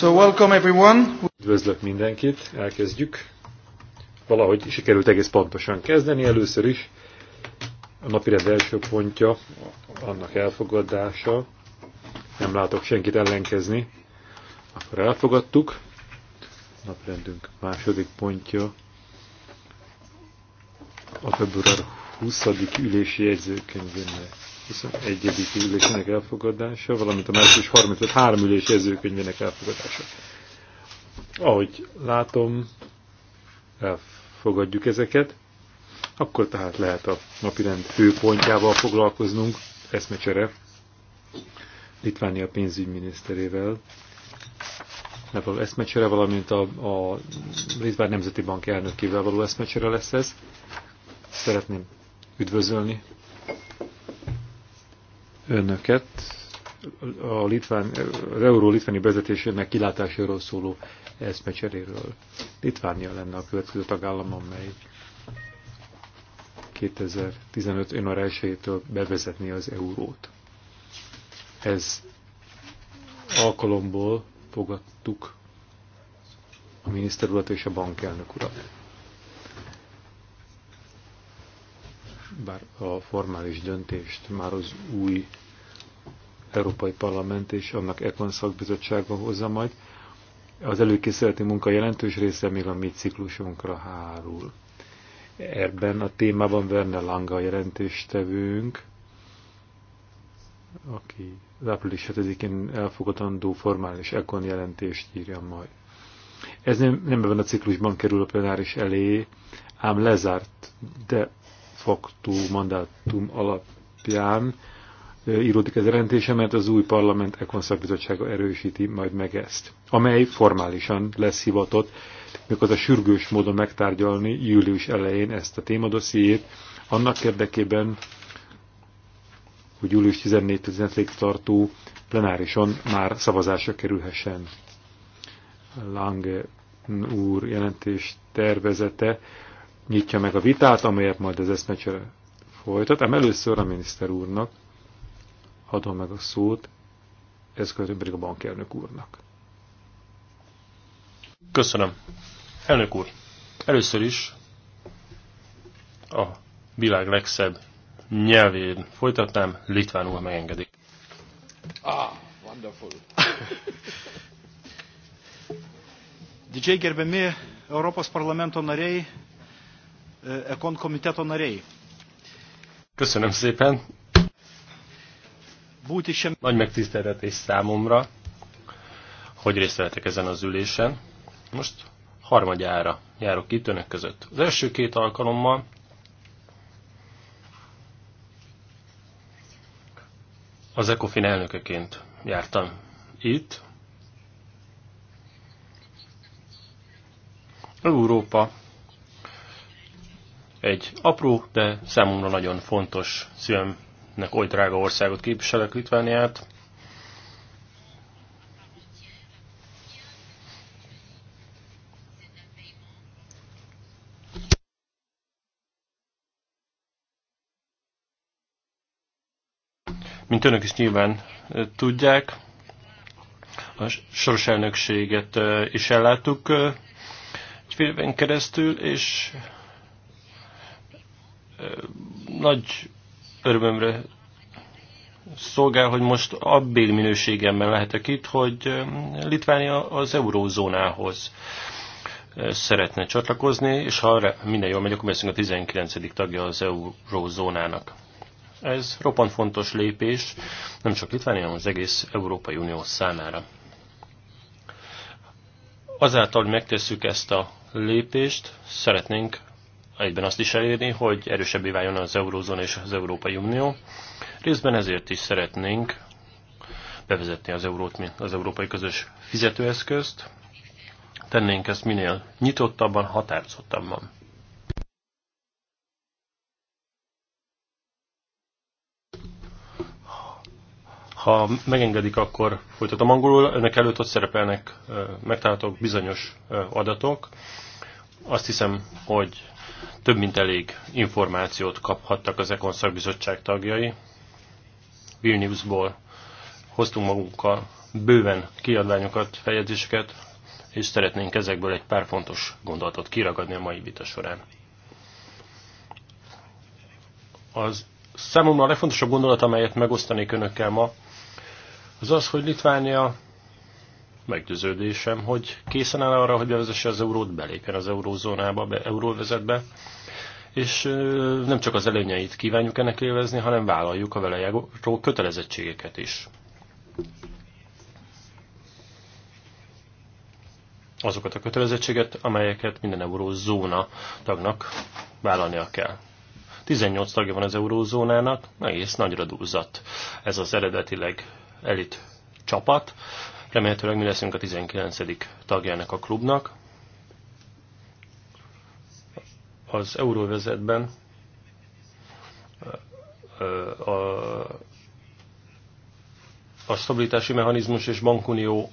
So welcome everyone. Üdvözlök mindenkit, elkezdjük. Valahogy sikerült egész pontosan kezdeni először is. A napirend első pontja, annak elfogadása. Nem látok senkit ellenkezni. Akkor elfogadtuk. A napirendünk második pontja. A február 20. ülési jegyzőkönyvének 21. ülésének elfogadása, valamint a március 35 három ülés jegyzőkönyvének elfogadása. Ahogy látom, elfogadjuk ezeket, akkor tehát lehet a napirend főpontjával foglalkoznunk, eszmecsere, Litvánia pénzügyminiszterével, való eszmecsere, valamint a, a Litván Nemzeti Bank elnökével való eszmecsere lesz ez. Szeretném üdvözölni önöket a litván, az euró-litváni vezetésének kilátásáról szóló eszmecseréről. Litvánia lenne a következő tagállam, amely 2015 január 1 bevezetni az eurót. Ez alkalomból fogadtuk a miniszter urat és a bankelnök urat. bár a formális döntést már az új Európai Parlament és annak Ekon szakbizottsága hozza majd. Az előkészületi munka jelentős része még a mi ciklusunkra hárul. Ebben a témában Verne Langa a jelentéstevőnk, aki az április 7-én elfogadandó formális Ekon jelentést írja majd. Ez nem, nem ebben a ciklusban kerül a plenáris elé, ám lezárt, de facto mandátum alapján íródik ez jelentése, mert az új parlament Ekon szakbizottsága erősíti majd meg ezt, amely formálisan lesz hivatott, az a sürgős módon megtárgyalni július elején ezt a témadossziét, annak érdekében, hogy július 14-15-ig tartó plenárison már szavazásra kerülhessen. Lange úr jelentés tervezete nyitja meg a vitát, amelyet majd az eszmecsere folytat. Ám először a miniszter úrnak adom meg a szót, ez követően pedig a bankelnök úrnak. Köszönöm. Elnök úr, először is a világ legszebb nyelvén folytatnám, litvánul megengedik. Ah, wonderful. Didžiai gerbiami Europos parlamento nariai, Ekon e, komiteto narei. Köszönöm szépen. Bújt is sem... Nagy megtiszteltetés számomra, hogy részt vettek ezen az ülésen. Most harmadjára járok itt önök között. Az első két alkalommal az ECOFIN elnökeként jártam itt. Európa egy apró, de számomra nagyon fontos szívemnek oly drága országot képviselek Litvániát. Mint önök is nyilván tudják, a soros elnökséget is elláttuk egy fél keresztül, és nagy örömömre szolgál, hogy most abbél minőségemben lehetek itt, hogy Litvánia az eurózónához szeretne csatlakozni, és ha minden jól megy, akkor leszünk a 19. tagja az eurózónának. Ez roppant fontos lépés, nem csak Litvánia, hanem az egész Európai Unió számára. Azáltal, hogy megtesszük ezt a lépést, szeretnénk egyben azt is elérni, hogy erősebbé váljon az Eurózóna és az Európai Unió. Részben ezért is szeretnénk bevezetni az eurót, mint az európai közös fizetőeszközt. Tennénk ezt minél nyitottabban, határozottabban. Ha megengedik, akkor folytatom angolul. Önök előtt ott szerepelnek, megtalálhatók bizonyos adatok. Azt hiszem, hogy több mint elég információt kaphattak az Ekon szakbizottság tagjai. Vilniusból hoztunk magunkkal bőven kiadványokat, fejezéseket, és szeretnénk ezekből egy pár fontos gondolatot kiragadni a mai vita során. Az számomra a legfontosabb gondolat, amelyet megosztanék önökkel ma, az az, hogy Litvánia meggyőződésem, hogy készen áll arra, hogy bevezesse az eurót, belépjen az eurózónába, be, euróvezetbe, és nem csak az előnyeit kívánjuk ennek élvezni, hanem vállaljuk a vele járó kötelezettségeket is. Azokat a kötelezettséget, amelyeket minden eurózóna tagnak vállalnia kell. 18 tagja van az eurózónának, egész nagyra dúzzat ez az eredetileg elit csapat, Remélhetőleg mi leszünk a 19. tagjának a klubnak. Az euróvezetben a, a stabilitási mechanizmus és bankunió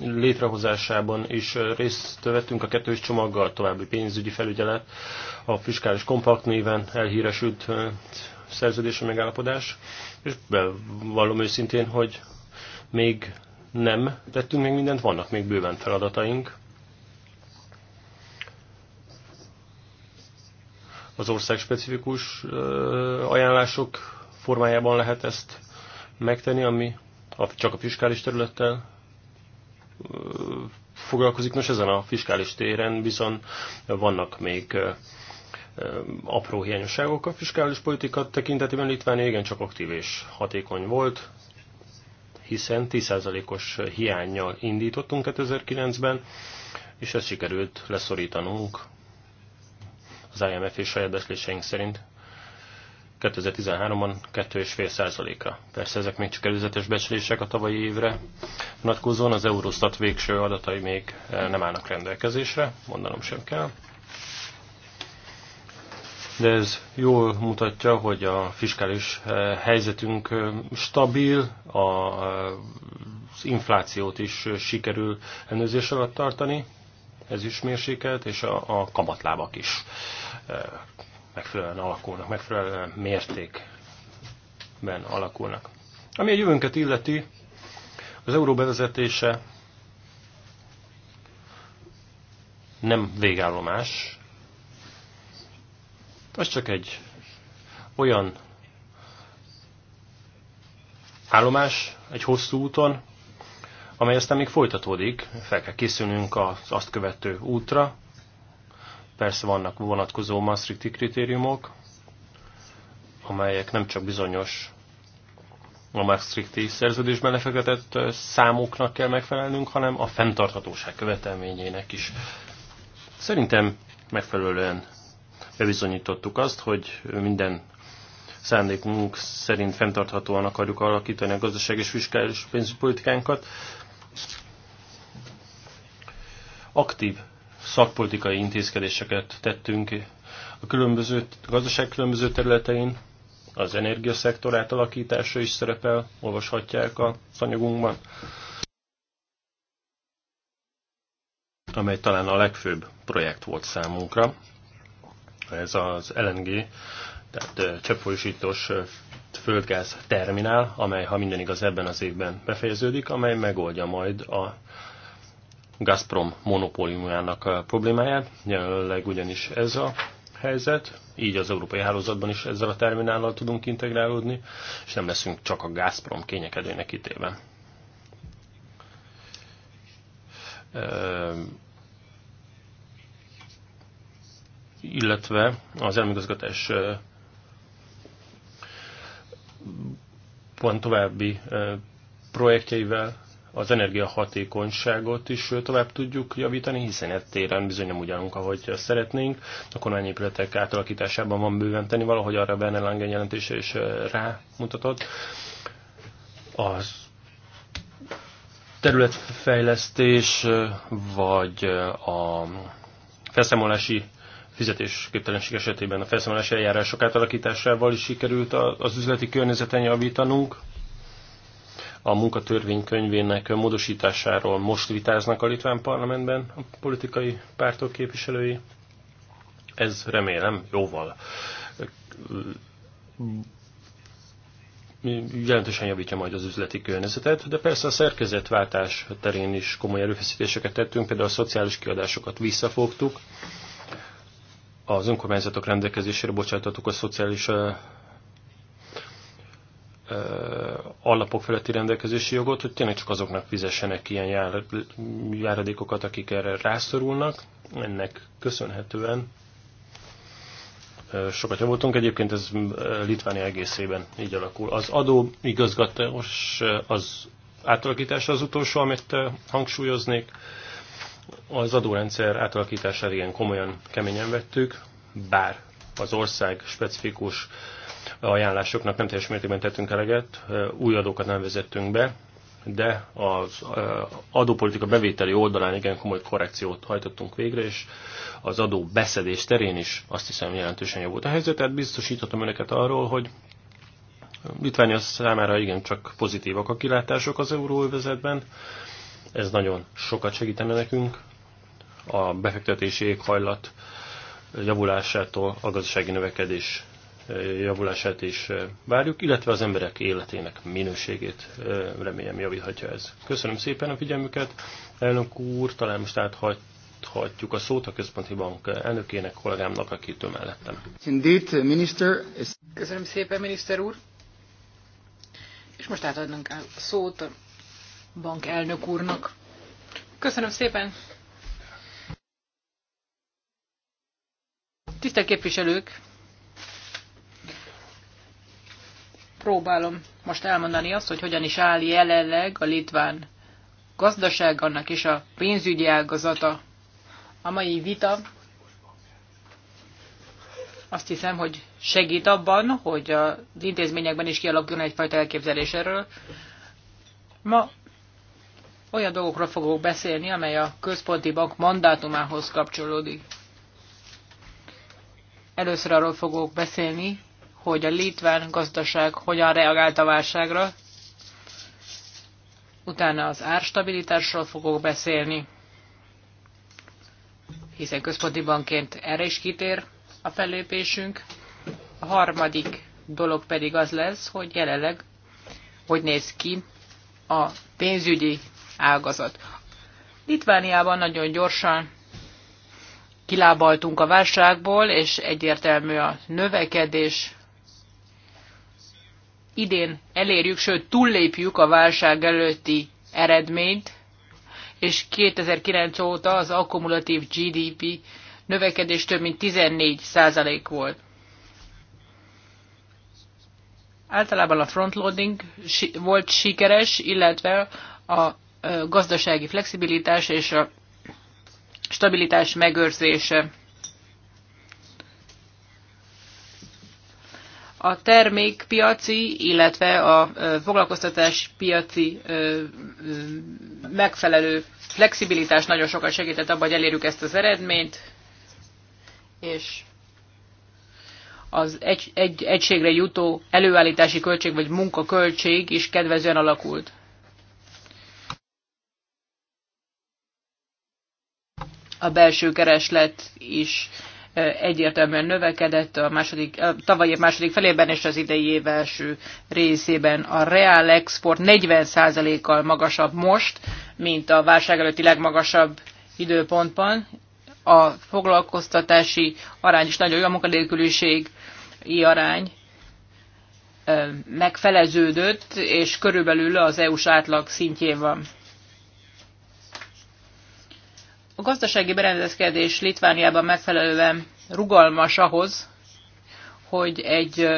létrehozásában is részt vettünk a kettős csomaggal, további pénzügyi felügyelet, a fiskális kompakt néven elhíresült szerződés, a megállapodás, és bevallom őszintén, hogy még nem tettünk még mindent, vannak még bőven feladataink. Az ország specifikus ajánlások formájában lehet ezt megtenni, ami csak a fiskális területtel foglalkozik. Nos, ezen a fiskális téren viszont vannak még apró hiányosságok. A fiskális politika tekintetében Litvánia igencsak aktív és hatékony volt, hiszen 10%-os hiányjal indítottunk 2009-ben, és ezt sikerült leszorítanunk az IMF és saját beszéléseink szerint 2013-ban 2,5%-ra. Persze ezek még csak előzetes becslések a tavalyi évre. Vonatkozóan az Eurostat végső adatai még eh, nem állnak rendelkezésre, mondanom sem kell de ez jól mutatja, hogy a fiskális eh, helyzetünk eh, stabil, eh, az inflációt is sikerül ellenőrzés alatt tartani, ez is mérsékelt, és a, a kamatlábak is megfelelően alakulnak, megfelelően mértékben alakulnak. Ami a jövőnket illeti, az euró bevezetése nem végállomás, az csak egy olyan állomás egy hosszú úton, amely aztán még folytatódik, fel kell készülnünk az azt követő útra. Persze vannak vonatkozó Maastrichti kritériumok, amelyek nem csak bizonyos a Maastrichti szerződésben lefektetett számoknak kell megfelelnünk, hanem a fenntarthatóság követelményének is. Szerintem megfelelően bebizonyítottuk azt, hogy minden szándékunk szerint fenntarthatóan akarjuk alakítani a gazdaság és fiskális pénzpolitikánkat. Aktív szakpolitikai intézkedéseket tettünk a különböző, a gazdaság különböző területein, az energiaszektor átalakítása is szerepel, olvashatják a anyagunkban, amely talán a legfőbb projekt volt számunkra ez az LNG, tehát cseppfolyósítós földgáz terminál, amely, ha minden igaz, ebben az évben befejeződik, amely megoldja majd a Gazprom monopóliumának problémáját. Jelenleg ugyanis ez a helyzet, így az európai hálózatban is ezzel a terminállal tudunk integrálódni, és nem leszünk csak a Gazprom kényekedőnek ítéve. illetve az elmigazgatás van további projektjeivel az energiahatékonyságot is tovább tudjuk javítani, hiszen ez téren bizony nem ugyanunk, ahogy szeretnénk. A kormányépületek átalakításában van bőven tenni, valahogy arra Berne Langen jelentése is rámutatott. Az területfejlesztés, vagy a felszámolási fizetésképtelenség esetében a felszámolás eljárások átalakításával is sikerült az üzleti környezeten javítanunk. A munkatörvénykönyvének módosításáról most vitáznak a litván parlamentben a politikai pártok képviselői. Ez remélem jóval jelentősen javítja majd az üzleti környezetet, de persze a szerkezetváltás terén is komoly erőfeszítéseket tettünk, például a szociális kiadásokat visszafogtuk, az önkormányzatok rendelkezésére bocsátottuk a szociális alapok feletti rendelkezési jogot, hogy tényleg csak azoknak fizessenek ilyen jár, járadékokat, akik erre rászorulnak. Ennek köszönhetően sokat javultunk. Egyébként ez Litvánia egészében így alakul. Az adó igazgatás az átalakítása az utolsó, amit hangsúlyoznék. Az adórendszer átalakítását igen komolyan, keményen vettük, bár az ország specifikus ajánlásoknak nem teljes mértékben tettünk eleget, új adókat nem vezettünk be, de az adópolitika bevételi oldalán igen komoly korrekciót hajtottunk végre, és az adó beszedés terén is azt hiszem jelentősen javult a helyzet, tehát biztosíthatom önöket arról, hogy Litvánia számára igen csak pozitívak a kilátások az euróövezetben, ez nagyon sokat segítene nekünk a befektetési éghajlat javulásától a gazdasági növekedés eh, javulását is eh, várjuk, illetve az emberek életének minőségét eh, remélem javíthatja ez. Köszönöm szépen a figyelmüket. Elnök úr, talán most áthagyhatjuk a szót a Központi Bank elnökének, kollégámnak, aki től mellettem. Indeed, minister. Köszönöm szépen, miniszter úr. És most átadnánk a szót a bankelnök úrnak. Köszönöm szépen! Tisztelt képviselők! Próbálom most elmondani azt, hogy hogyan is áll jelenleg a litván gazdaság, annak és a pénzügyi ágazata. A mai vita azt hiszem, hogy segít abban, hogy az intézményekben is kialakuljon egyfajta elképzelés erről. Ma olyan dolgokról fogok beszélni, amely a központi bank mandátumához kapcsolódik. Először arról fogok beszélni, hogy a litván gazdaság hogyan reagált a válságra, utána az árstabilitásról fogok beszélni, hiszen központi bankként erre is kitér a fellépésünk. A harmadik dolog pedig az lesz, hogy jelenleg hogy néz ki a pénzügyi ágazat. Litvániában nagyon gyorsan kilábaltunk a válságból, és egyértelmű a növekedés. Idén elérjük, sőt túllépjük a válság előtti eredményt, és 2009 óta az akkumulatív GDP növekedés több mint 14 százalék volt. Általában a frontloading volt sikeres, illetve a gazdasági flexibilitás és a stabilitás megőrzése. A termékpiaci, illetve a foglalkoztatás piaci megfelelő flexibilitás nagyon sokat segített abban, hogy elérjük ezt az eredményt, és az egy, egy, egységre jutó előállítási költség vagy munkaköltség is kedvezően alakult. a belső kereslet is egyértelműen növekedett a, második, a tavalyi év második felében és az idei év első részében. A reál export 40%-kal magasabb most, mint a válság előtti legmagasabb időpontban. A foglalkoztatási arány is nagyon jó, a munkanélküliségi arány megfeleződött, és körülbelül az EU-s átlag szintjén van. A gazdasági berendezkedés Litvániában megfelelően rugalmas ahhoz, hogy egy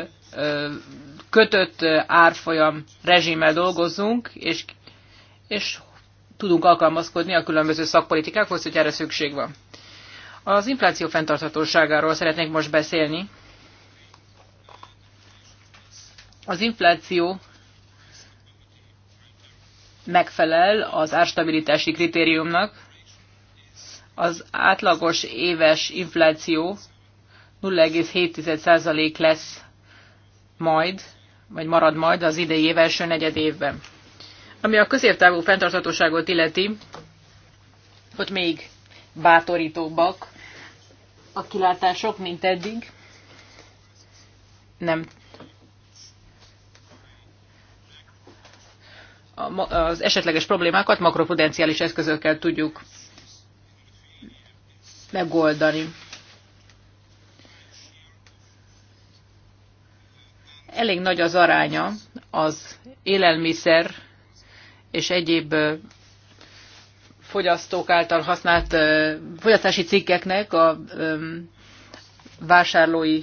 kötött árfolyam rezsimmel dolgozzunk, és, és tudunk alkalmazkodni a különböző szakpolitikákhoz, hogy erre szükség van. Az infláció fenntarthatóságáról szeretnék most beszélni. Az infláció megfelel az árstabilitási kritériumnak, az átlagos éves infláció 0,7% lesz majd, vagy marad majd az idei év első negyed évben. Ami a középtávú fenntarthatóságot illeti, ott még bátorítóbbak a kilátások, mint eddig. Nem. Az esetleges problémákat makroprudenciális eszközökkel tudjuk megoldani. Elég nagy az aránya az élelmiszer és egyéb fogyasztók által használt fogyasztási cikkeknek a vásárlói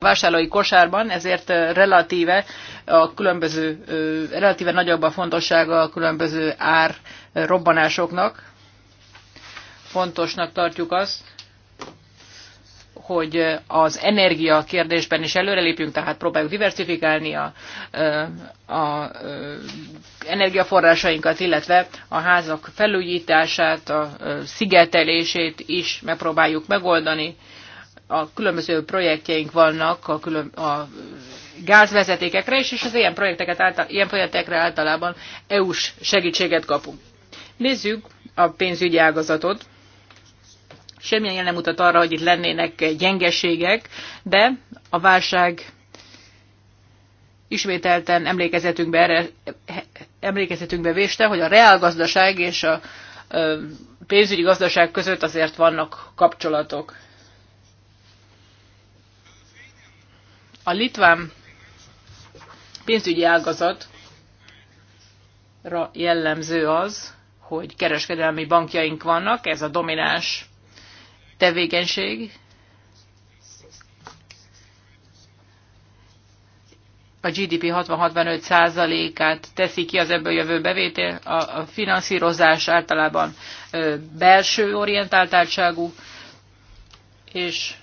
vásárlói kosárban, ezért relatíve a különböző, relatíve nagyobb a fontossága a különböző ár robbanásoknak. Fontosnak tartjuk azt, hogy az energia kérdésben is előrelépjünk, tehát próbáljuk diversifikálni a, a, a energiaforrásainkat, illetve a házak felújítását, a szigetelését is megpróbáljuk megoldani a különböző projektjeink vannak a, külön, a gázvezetékekre is, és az ilyen, projekteket által, ilyen projektekre általában EU-s segítséget kapunk. Nézzük a pénzügyi ágazatot. Semmilyen jel nem mutat arra, hogy itt lennének gyengeségek, de a válság ismételten emlékezetünkbe, erre, emlékezetünkbe véste, hogy a reálgazdaság és a pénzügyi gazdaság között azért vannak kapcsolatok. A litván pénzügyi ágazatra jellemző az, hogy kereskedelmi bankjaink vannak, ez a domináns tevékenység. A GDP 60-65%-át teszi ki az ebből jövő bevétel, a finanszírozás általában belső orientáltáltságú, és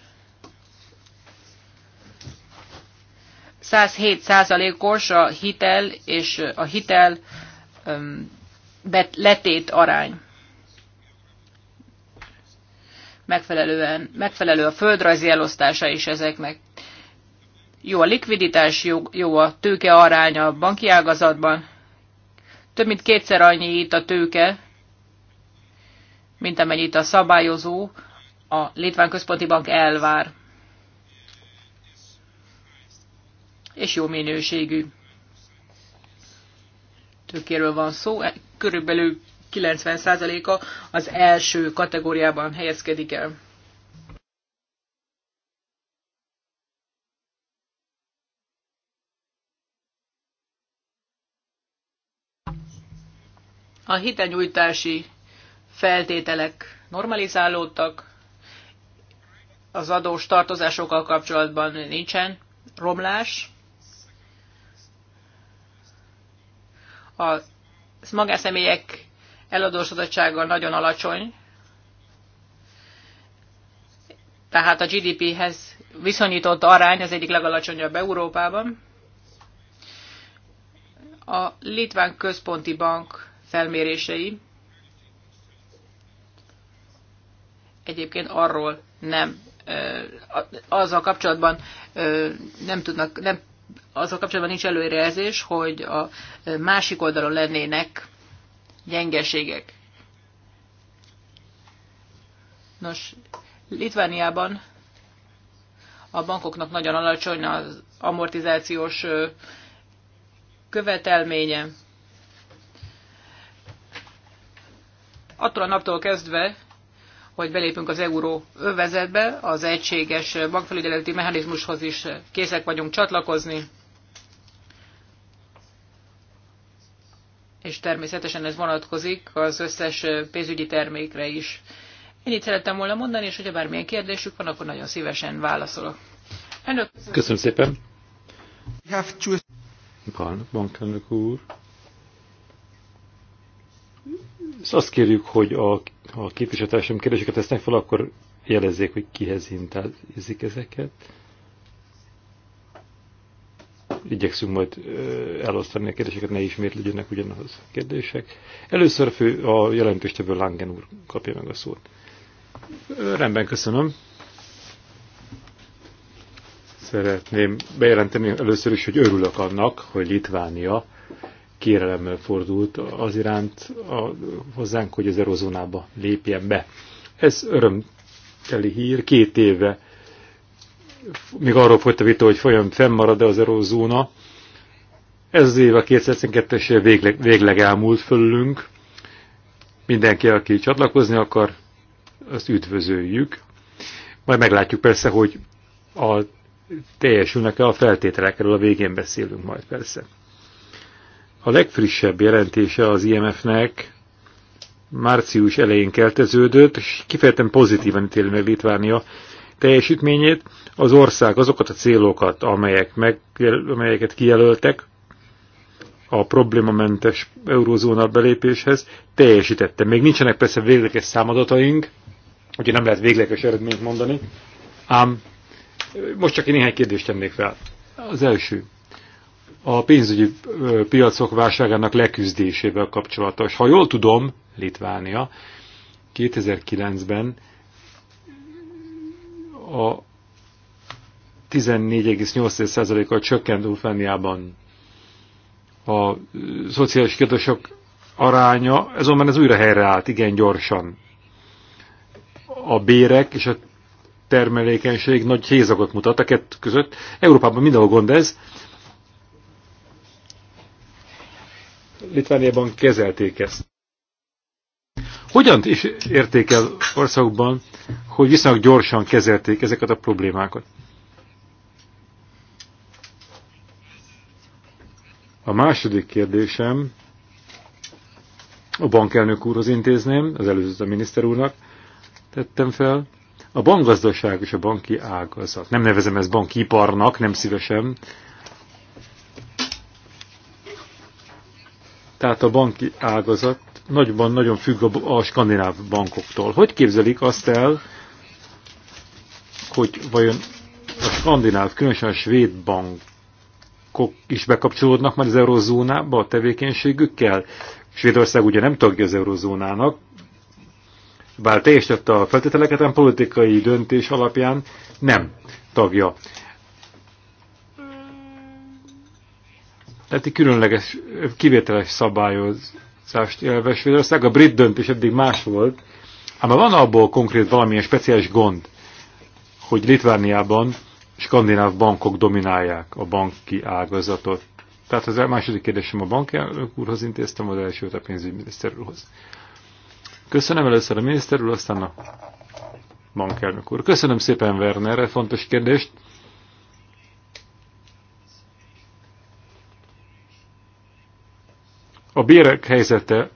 107 százalékos a hitel és a hitel letét arány. Megfelelően, megfelelő a földrajzi elosztása is ezeknek. Jó a likviditás, jó, jó a tőke aránya a banki ágazatban. Több mint kétszer annyi itt a tőke, mint amennyit a szabályozó a Litván Központi Bank elvár. és jó minőségű. Tökéről van szó, e, körülbelül 90%-a az első kategóriában helyezkedik el. A hitelnyújtási feltételek normalizálódtak, az adós tartozásokkal kapcsolatban nincsen romlás, a magánszemélyek eladósodottsággal nagyon alacsony, tehát a GDP-hez viszonyított arány az egyik legalacsonyabb Európában. A Litván Központi Bank felmérései egyébként arról nem, azzal kapcsolatban nem, tudnak, nem azzal kapcsolatban nincs előrejelzés, hogy a másik oldalon lennének gyengeségek. Nos, Litvániában a bankoknak nagyon alacsony az amortizációs követelménye. Attól a naptól kezdve, hogy belépünk az euró övezetbe, az egységes bankfelügyeleti mechanizmushoz is készek vagyunk csatlakozni. És természetesen ez vonatkozik az összes pénzügyi termékre is. Ennyit szerettem volna mondani, és hogyha bármilyen kérdésük van, akkor nagyon szívesen válaszolok. Elnök, köszönöm. köszönöm szépen. Van, bankelnök úr azt kérjük, hogy a, a képviselőtársaim kérdéseket tesznek fel, akkor jelezzék, hogy kihez intézik ezeket. Igyekszünk majd elosztani a kérdéseket, ne ismétlődjenek ugyanaz a kérdések. Először fő, a jelentőstevő Langen úr kapja meg a szót. Rendben, köszönöm. Szeretném bejelenteni először is, hogy örülök annak, hogy Litvánia kérelemmel fordult az iránt a, hozzánk, hogy az Erozónába lépjen be. Ez örömteli hír, két éve még arról folyt a vita, hogy folyam fennmarad-e az Erozóna. Ez az év a 2012-es végleg, végleg elmúlt fölünk. Mindenki, aki csatlakozni akar, azt üdvözöljük. Majd meglátjuk persze, hogy a teljesülnek-e a feltételekről, a végén beszélünk majd persze. A legfrissebb jelentése az IMF-nek március elején kelteződött, és kifejezetten pozitívan ítéli meg Litvánia teljesítményét. Az ország azokat a célokat, amelyek meg, amelyeket kijelöltek a problémamentes eurózóna belépéshez, teljesítette. Még nincsenek persze végleges számadataink, hogy nem lehet végleges eredményt mondani, ám most csak én néhány kérdést tennék fel. Az első a pénzügyi piacok válságának leküzdésével kapcsolatos. Ha jól tudom, Litvánia 2009-ben a 14,8%-kal csökkent Ufániában a szociális kérdések aránya, azonban ez újra helyreállt igen gyorsan. A bérek és a termelékenység nagy hézagot mutat a kettő között. Európában mindenhol gond ez, Litvániában kezelték ezt. Hogyan is értékel országban, hogy viszonylag gyorsan kezelték ezeket a problémákat? A második kérdésem a bankelnök úrhoz intézném, az előzőt a miniszter úrnak tettem fel. A bankgazdaság és a banki ágazat, nem nevezem ezt bankiparnak, nem szívesen, tehát a banki ágazat nagyban nagyon függ a, a skandináv bankoktól. Hogy képzelik azt el, hogy vajon a skandináv, különösen a svéd bankok is bekapcsolódnak már az eurozónába a tevékenységükkel? Svédország ugye nem tagja az eurozónának, bár teljesítette a feltételeket, a politikai döntés alapján nem tagja tehát egy különleges, kivételes szabályozást élve Svédország. A brit döntés eddig más volt, ám van abból konkrét valamilyen speciális gond, hogy Litvániában skandináv bankok dominálják a banki ágazatot. Tehát az második kérdésem a bankelnök úrhoz intéztem, az elsőt a pénzügyminiszter úrhoz. Köszönöm először a miniszter úr, aztán a bankelnök úr. Köszönöm szépen Werner, fontos kérdést. A bérek helyzete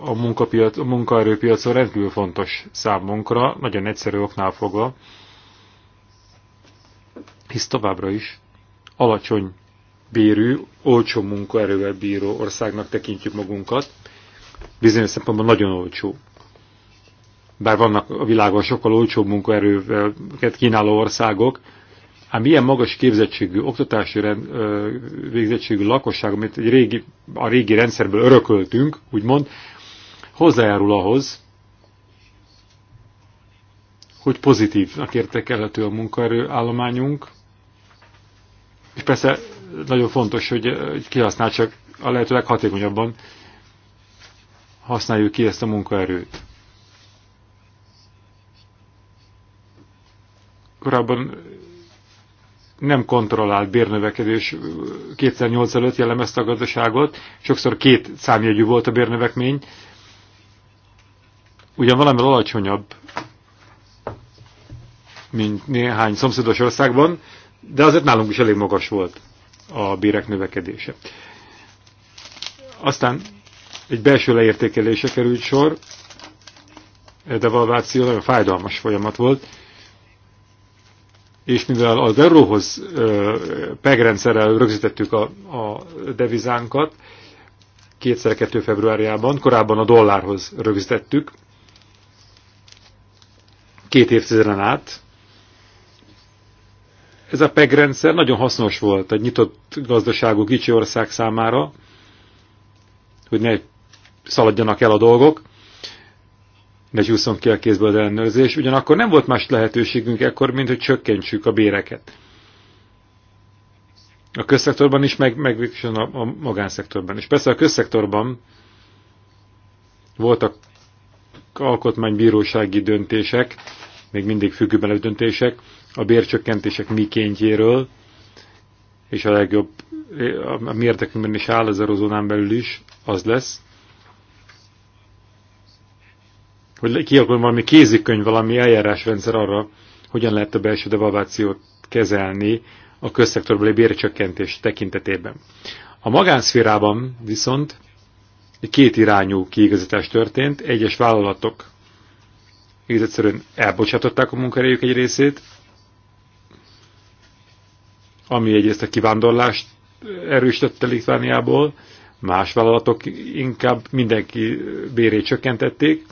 a, munkapiac, a munkaerőpiacon rendkívül fontos számunkra, nagyon egyszerű oknál fogva, hisz továbbra is alacsony bérű, olcsó munkaerővel bíró országnak tekintjük magunkat, bizonyos szempontból nagyon olcsó. Bár vannak a világon sokkal olcsóbb munkaerővel kínáló országok, Ám ilyen magas képzettségű, oktatási rend, ö, végzettségű lakosság, amit egy régi, a régi rendszerből örököltünk, úgymond, hozzájárul ahhoz, hogy pozitívnak értekelhető a munkaerő állományunk, és persze nagyon fontos, hogy kihasználtsak a lehető leghatékonyabban használjuk ki ezt a munkaerőt. Korábban nem kontrollált bérnövekedés 2008 előtt jellemezte a gazdaságot, sokszor két számjegyű volt a bérnövekmény, ugyan valamivel alacsonyabb, mint néhány szomszédos országban, de azért nálunk is elég magas volt a bérek növekedése. Aztán egy belső leértékelése került sor, devalváció nagyon fájdalmas folyamat volt, és mivel az euróhoz pegrendszerrel rögzítettük a, a devizánkat, 2002. februárjában, korábban a dollárhoz rögzítettük, két évtizeden át. Ez a PEG rendszer nagyon hasznos volt egy nyitott gazdaságú kicsi ország számára, hogy ne szaladjanak el a dolgok, ne csúszom ki a kézbe az ellenőrzés, ugyanakkor nem volt más lehetőségünk ekkor, mint hogy csökkentsük a béreket. A közszektorban is, meg, meg a, a magánszektorban is. Persze a közszektorban voltak alkotmánybírósági döntések, még mindig függőben döntések, a bércsökkentések mikéntjéről, és a legjobb, a mi érdekünkben is áll az eurozónán belül is, az lesz, hogy kialakuljon valami kézikönyv, valami eljárásrendszer arra, hogyan lehet a belső devalvációt kezelni a közszektorbeli bércsökkentés tekintetében. A magánszférában viszont két irányú kiigazítás történt. Egyes vállalatok egész egyszerűen elbocsátották a munkaerejük egy részét, ami egyrészt a kivándorlást erősítette Litvániából, más vállalatok inkább mindenki bérét csökkentették,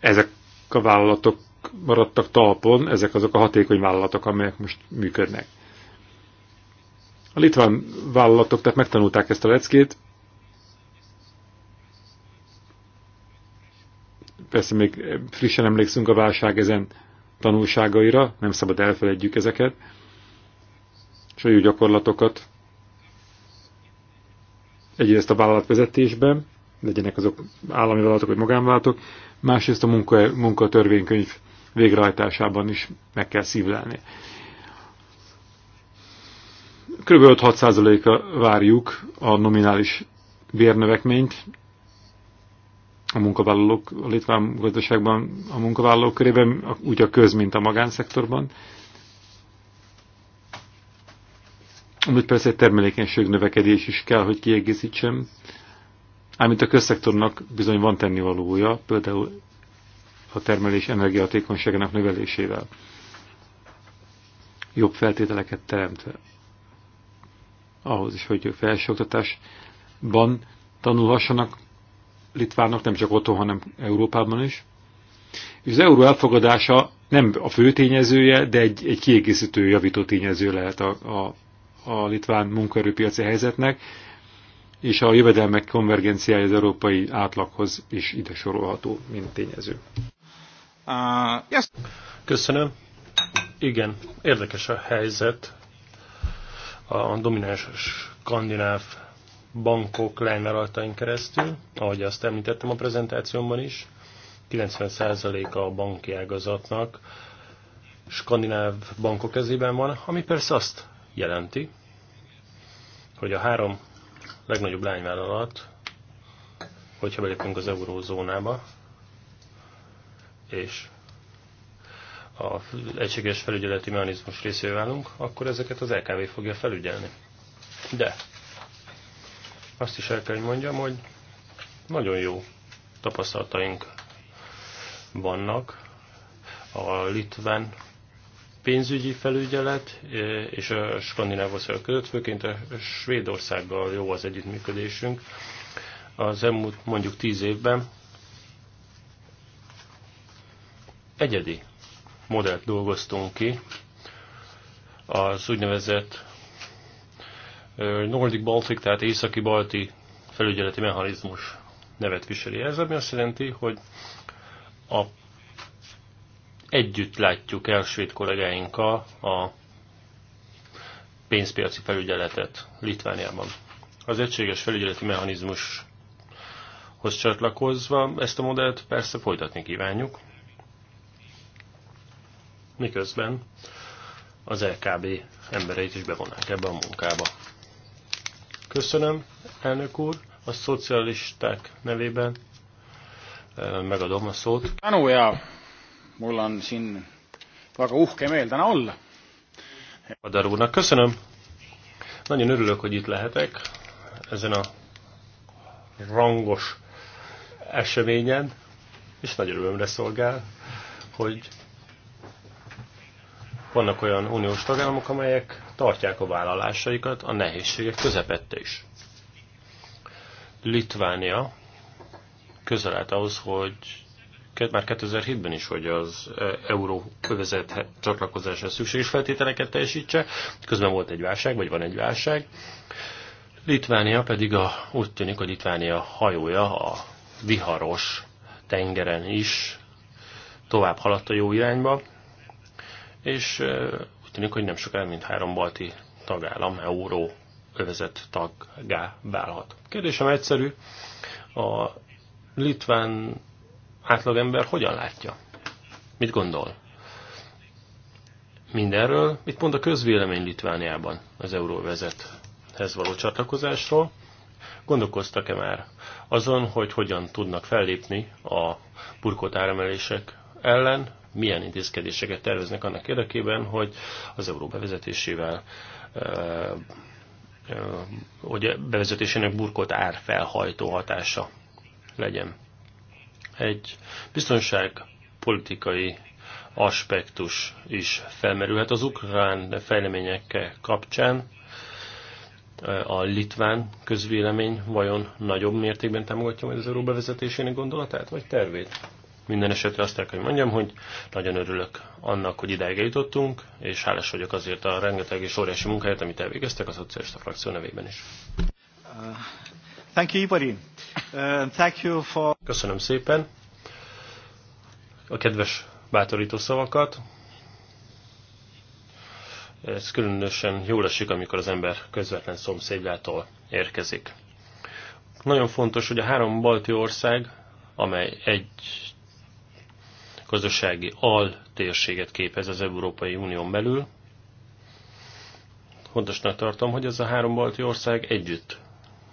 ezek a vállalatok maradtak talpon, ezek azok a hatékony vállalatok, amelyek most működnek. A litván vállalatok tehát megtanulták ezt a leckét, persze még frissen emlékszünk a válság ezen tanulságaira, nem szabad elfeledjük ezeket, és a jó gyakorlatokat egyrészt a vállalatvezetésben, legyenek azok állami vállalatok vagy magánvállalatok, másrészt a munka, munkatörvénykönyv végrehajtásában is meg kell szívlelni. Kb. 5 6 a várjuk a nominális bérnövekményt a munkavállalók, a litván gazdaságban a munkavállalók körében, úgy a köz, mint a magánszektorban. Amúgy persze egy termelékenység növekedés is kell, hogy kiegészítsem Ám a közszektornak bizony van tennivalója, például a termelés energiahatékonyságának növelésével, jobb feltételeket teremtve. Ahhoz is, hogy felsőoktatásban tanulhassanak litvánok, nem csak otthon, hanem Európában is. És az euró elfogadása nem a fő tényezője, de egy, egy kiegészítő, javító tényező lehet a, a, a litván munkaerőpiaci helyzetnek, és a jövedelmek konvergenciája az európai átlaghoz is ide sorolható, mint tényező. Uh, yes. Köszönöm. Igen, érdekes a helyzet. A domináns skandináv bankok lányvállalatain keresztül, ahogy azt említettem a prezentációmban is, 90%-a a banki ágazatnak skandináv bankok kezében van, ami persze azt jelenti, hogy a három legnagyobb lányvállalat, hogyha belépünk az eurózónába, és az egységes felügyeleti mechanizmus részévé válunk, akkor ezeket az LKV fogja felügyelni. De azt is el kell, hogy mondjam, hogy nagyon jó tapasztalataink vannak a litván pénzügyi felügyelet eh, és a skandináv országok között, főként a Svédországgal jó az együttműködésünk. Az elmúlt mondjuk tíz évben egyedi modellt dolgoztunk ki, az úgynevezett eh, Nordic Baltic, tehát északi-balti felügyeleti mechanizmus nevet viseli. Ez ami azt jelenti, hogy a együtt látjuk elsőt kollégáinkkal a pénzpiaci felügyeletet Litvániában. Az egységes felügyeleti mechanizmushoz csatlakozva ezt a modellt persze folytatni kívánjuk, miközben az LKB embereit is bevonnák ebbe a munkába. Köszönöm, elnök úr, a szocialisták nevében eh, megadom a szót. Tanulja! mul on siin väga uhke meel täna olla. Madar köszönöm. Nagyon örülök, hogy itt lehetek ezen a rangos eseményen, és nagy örömre szolgál, hogy vannak olyan uniós tagállamok, amelyek tartják a vállalásaikat a nehézségek közepette is. Litvánia közel állt ahhoz, hogy már 2007-ben is, hogy az e, euró kövezet csatlakozásra szükséges feltételeket teljesítse. Közben volt egy válság, vagy van egy válság. Litvánia pedig a, úgy tűnik, hogy Litvánia hajója a viharos tengeren is tovább haladt a jó irányba, és e, úgy tűnik, hogy nem sokára, mint három balti tagállam euró övezet taggá válhat. Kérdésem egyszerű, a litván átlagember hogyan látja? Mit gondol? Mindenről, mit mond a közvélemény Litvániában az euróvezethez való csatlakozásról? Gondolkoztak-e már azon, hogy hogyan tudnak fellépni a burkot áremelések ellen, milyen intézkedéseket terveznek annak érdekében, hogy az euró bevezetésével hogy bevezetésének ár felhajtó hatása legyen egy biztonságpolitikai aspektus is felmerülhet az ukrán fejleményekkel kapcsán. Eh, a litván közvélemény vajon nagyobb mértékben támogatja majd az euró bevezetésének gondolatát vagy tervét? Minden esetre azt kell, hogy mondjam, hogy nagyon örülök annak, hogy idáig eljutottunk, és hálás vagyok azért a rengeteg és óriási munkáját, amit elvégeztek a szocialista frakció nevében is. Uh, Thank you, Uh, thank you for... Köszönöm szépen a kedves bátorító szavakat. Ez különösen jó esik, amikor az ember közvetlen szomszédjától érkezik. Nagyon fontos, hogy a három balti ország, amely egy al altérséget képez az Európai Unión belül, fontosnak tartom, hogy ez a három balti ország együtt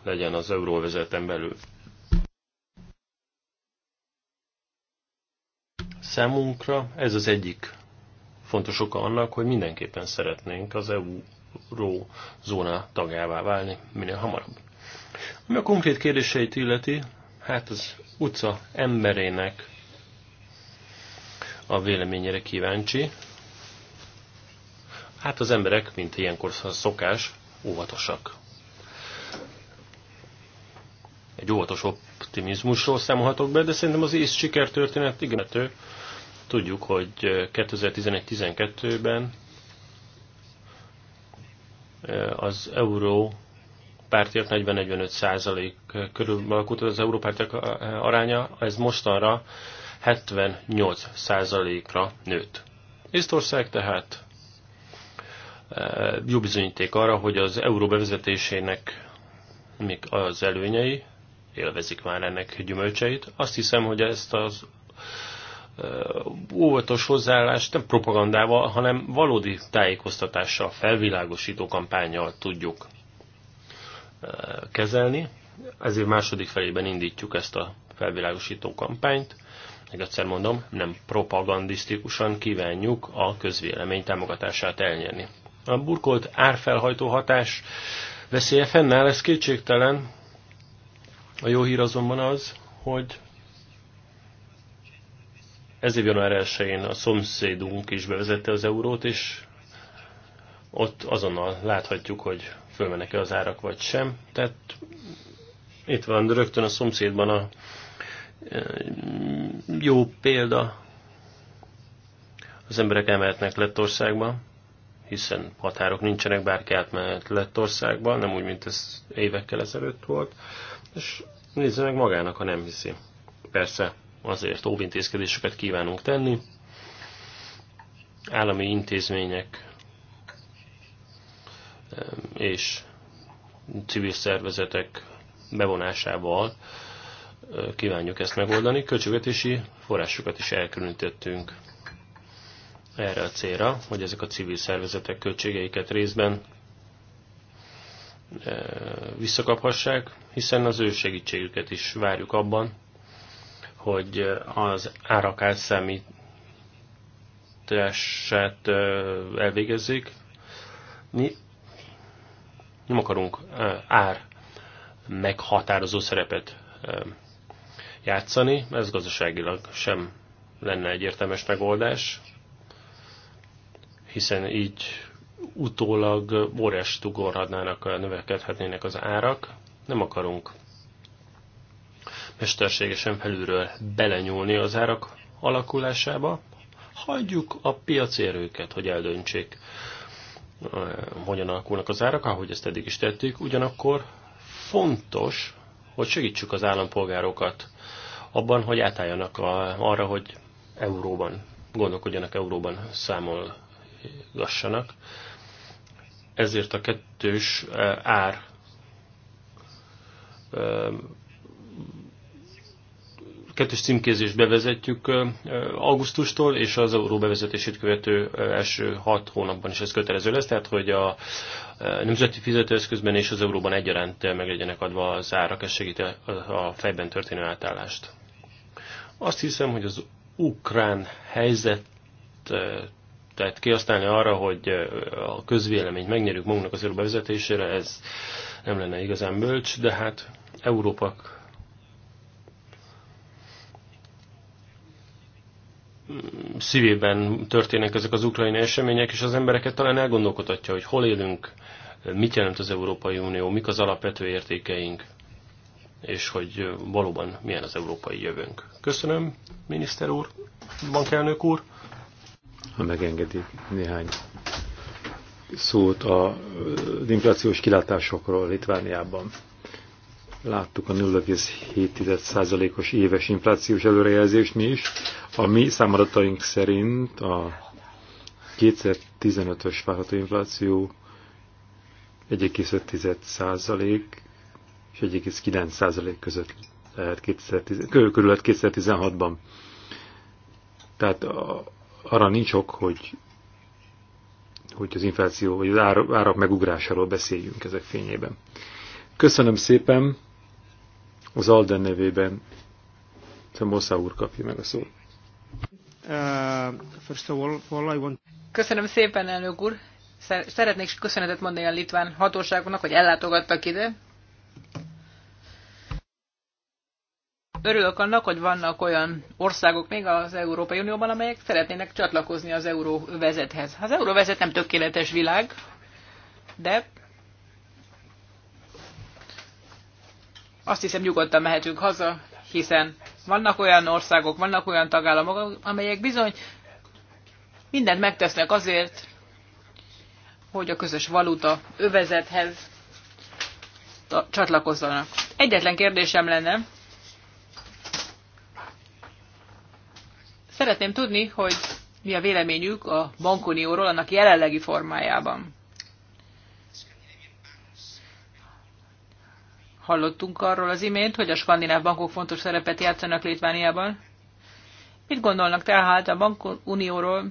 legyen az euróvezeten belül. Számunkra ez az egyik fontos oka annak, hogy mindenképpen szeretnénk az eurózóna tagjává válni minél hamarabb. Ami a konkrét kérdéseit illeti, hát az utca emberének a véleményére kíváncsi. Hát az emberek, mint ilyenkor szokás, óvatosak egy óvatos optimizmusról számolhatok be, de szerintem az ész sikertörténet igen, tudjuk, hogy 2011-12-ben eh, az euró pártiak 40-45 százalék körül alakult az európártiak eh, aránya, ez mostanra 78 százalékra nőtt. Észtország tehát eh, jó bizonyíték arra, hogy az euró bevezetésének még az előnyei, élvezik már ennek gyümölcseit. Azt hiszem, hogy ezt az óvatos hozzáállást nem propagandával, hanem valódi tájékoztatással, felvilágosító kampányjal tudjuk kezelni. Ezért második felében indítjuk ezt a felvilágosító kampányt. Még egyszer mondom, nem propagandisztikusan kívánjuk a közvélemény támogatását elnyerni. A burkolt árfelhajtó hatás veszélye fennáll, ez kétségtelen, a jó hír azonban az, hogy ez év január 1-én a szomszédunk is bevezette az eurót, és ott azonnal láthatjuk, hogy fölmennek-e az árak vagy sem. Tehát itt van rögtön a szomszédban a e, jó példa. Az emberek elmehetnek Lettországba, hiszen határok nincsenek, bárki átmehet Lettországba, nem úgy, mint ez évekkel ezelőtt volt, és nézze meg magának, ha nem hiszi. Persze, azért óvintézkedéseket kívánunk tenni, állami intézmények és civil szervezetek bevonásával kívánjuk ezt megoldani. Költségvetési forrásokat is elkülönítettünk erre a célra, hogy ezek a civil szervezetek költségeiket részben e, visszakaphassák, hiszen az ő segítségüket is várjuk abban, hogy az árak átszámítását e, elvégezzék. Mi nem akarunk e, ár meghatározó szerepet játszani, ez gazdaságilag sem lenne egy értelmes megoldás hiszen így utólag óriási ugorhatnának, növekedhetnének az árak. Nem akarunk mesterségesen felülről belenyúlni az árak alakulásába. Hagyjuk a piaci erőket, hogy eldöntsék, eh, hogyan alakulnak az árak, ahogy ezt eddig is tettük. Ugyanakkor fontos, hogy segítsük az állampolgárokat abban, hogy átálljanak arra, hogy euróban gondolkodjanak euróban számol lassanak. Ezért a kettős eh, ár eh, kettős címkézést bevezetjük eh, augusztustól, és az euró bevezetését követő első hat hónapban is ez kötelező lesz, tehát hogy a nemzeti fizetőeszközben és az euróban egyaránt meg legyenek adva az árak, ez segíti a fejben történő átállást. Azt hiszem, hogy az ukrán helyzet tehát kiasználni arra, hogy a közvéleményt megnyerjük magunknak az euró bevezetésére, ez nem lenne igazán bölcs, de hát Európa szívében történnek ezek az ukrajnai események, és az embereket talán elgondolkodhatja, hogy hol élünk, mit jelent az Európai Unió, mik az alapvető értékeink, és hogy valóban milyen az európai jövőnk. Köszönöm, miniszter úr, bankelnök úr ha megengedik néhány szót a inflációs kilátásokról Litvániában. Láttuk a 0,7%-os éves inflációs előrejelzést mi is. A mi számadataink szerint a 2015-ös várható infláció 1,5% és 1,9% között lehet 2010, körül 2016-ban. Tehát a, arra nincs ok, hogy, hogy az infláció, vagy az árak megugrásáról beszéljünk ezek fényében. Köszönöm szépen, az Alden nevében Mosza úr kapja meg a szót. Uh, Köszönöm szépen, elnök úr! Szeretnék köszönetet mondani a litván hatóságoknak, hogy ellátogattak ide. örülök annak, hogy vannak olyan országok még az Európai Unióban, amelyek szeretnének csatlakozni az euróvezethez. Az euróvezet nem tökéletes világ, de azt hiszem nyugodtan mehetünk haza, hiszen vannak olyan országok, vannak olyan tagállamok, amelyek bizony mindent megtesznek azért, hogy a közös valuta övezethez csatlakozzanak. Egyetlen kérdésem lenne, Szeretném tudni, hogy mi a véleményük a bankunióról annak jelenlegi formájában. Hallottunk arról az imént, hogy a skandináv bankok fontos szerepet játszanak Litvániában. Mit gondolnak tehát a bankunióról?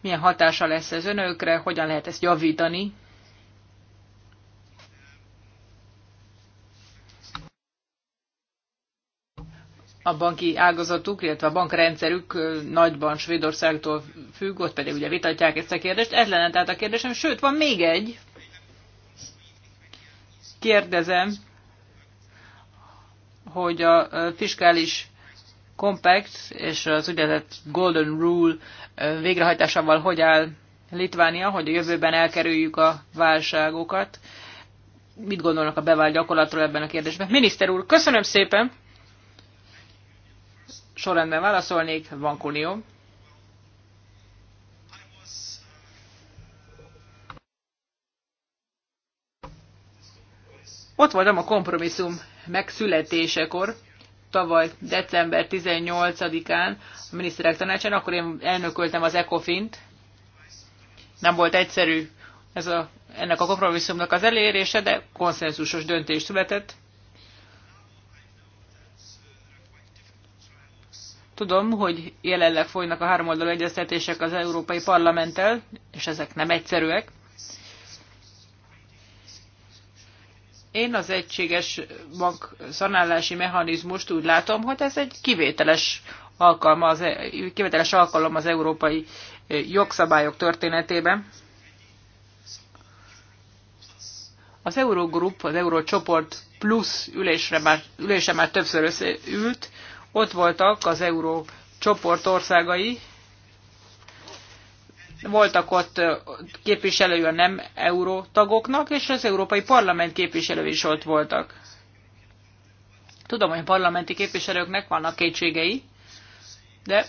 Milyen hatása lesz ez önökre? Hogyan lehet ezt javítani? a banki ágazatuk, illetve a bankrendszerük nagyban Svédországtól függ, ott pedig ugye vitatják ezt a kérdést. Ez lenne tehát a kérdésem, sőt, van még egy. Kérdezem, hogy a fiskális compact és az úgynevezett golden rule végrehajtásával hogy áll Litvánia, hogy a jövőben elkerüljük a válságokat. Mit gondolnak a bevált gyakorlatról ebben a kérdésben? Miniszter úr, köszönöm szépen! sorrendben válaszolnék. Van Kunio. Ott voltam a kompromisszum megszületésekor, tavaly december 18-án a miniszterek tanácsán, akkor én elnököltem az ECOFINT. Nem volt egyszerű ez a, ennek a kompromisszumnak az elérése, de konszenzusos döntés született. Tudom, hogy jelenleg folynak a háromoldalú egyeztetések az Európai Parlamenttel, és ezek nem egyszerűek. Én az egységes bank szanálási mechanizmust úgy látom, hogy ez egy kivételes alkalma, az, e- kivételes alkalom az európai e, jogszabályok történetében. Az Eurogroup, az Eurocsoport plusz ülésre már, ülése már többször összeült, ott voltak az euró csoport országai, voltak ott képviselői a nem euró tagoknak, és az Európai Parlament képviselői is ott voltak. Tudom, hogy a parlamenti képviselőknek vannak kétségei, de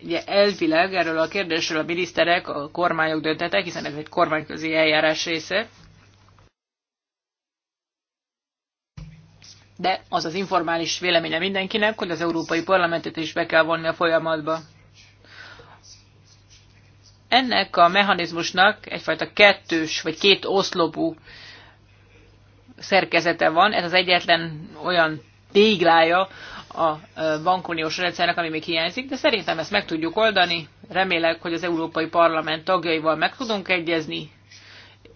ugye elvileg erről a kérdésről a miniszterek, a kormányok döntetek, hiszen ez egy kormányközi eljárás része, de az az informális véleménye mindenkinek, hogy az Európai Parlamentet is be kell vonni a folyamatba. Ennek a mechanizmusnak egyfajta kettős vagy két oszlopú szerkezete van. Ez az egyetlen olyan téglája a bankuniós rendszernek, ami még hiányzik, de szerintem ezt meg tudjuk oldani. Remélek, hogy az Európai Parlament tagjaival meg tudunk egyezni,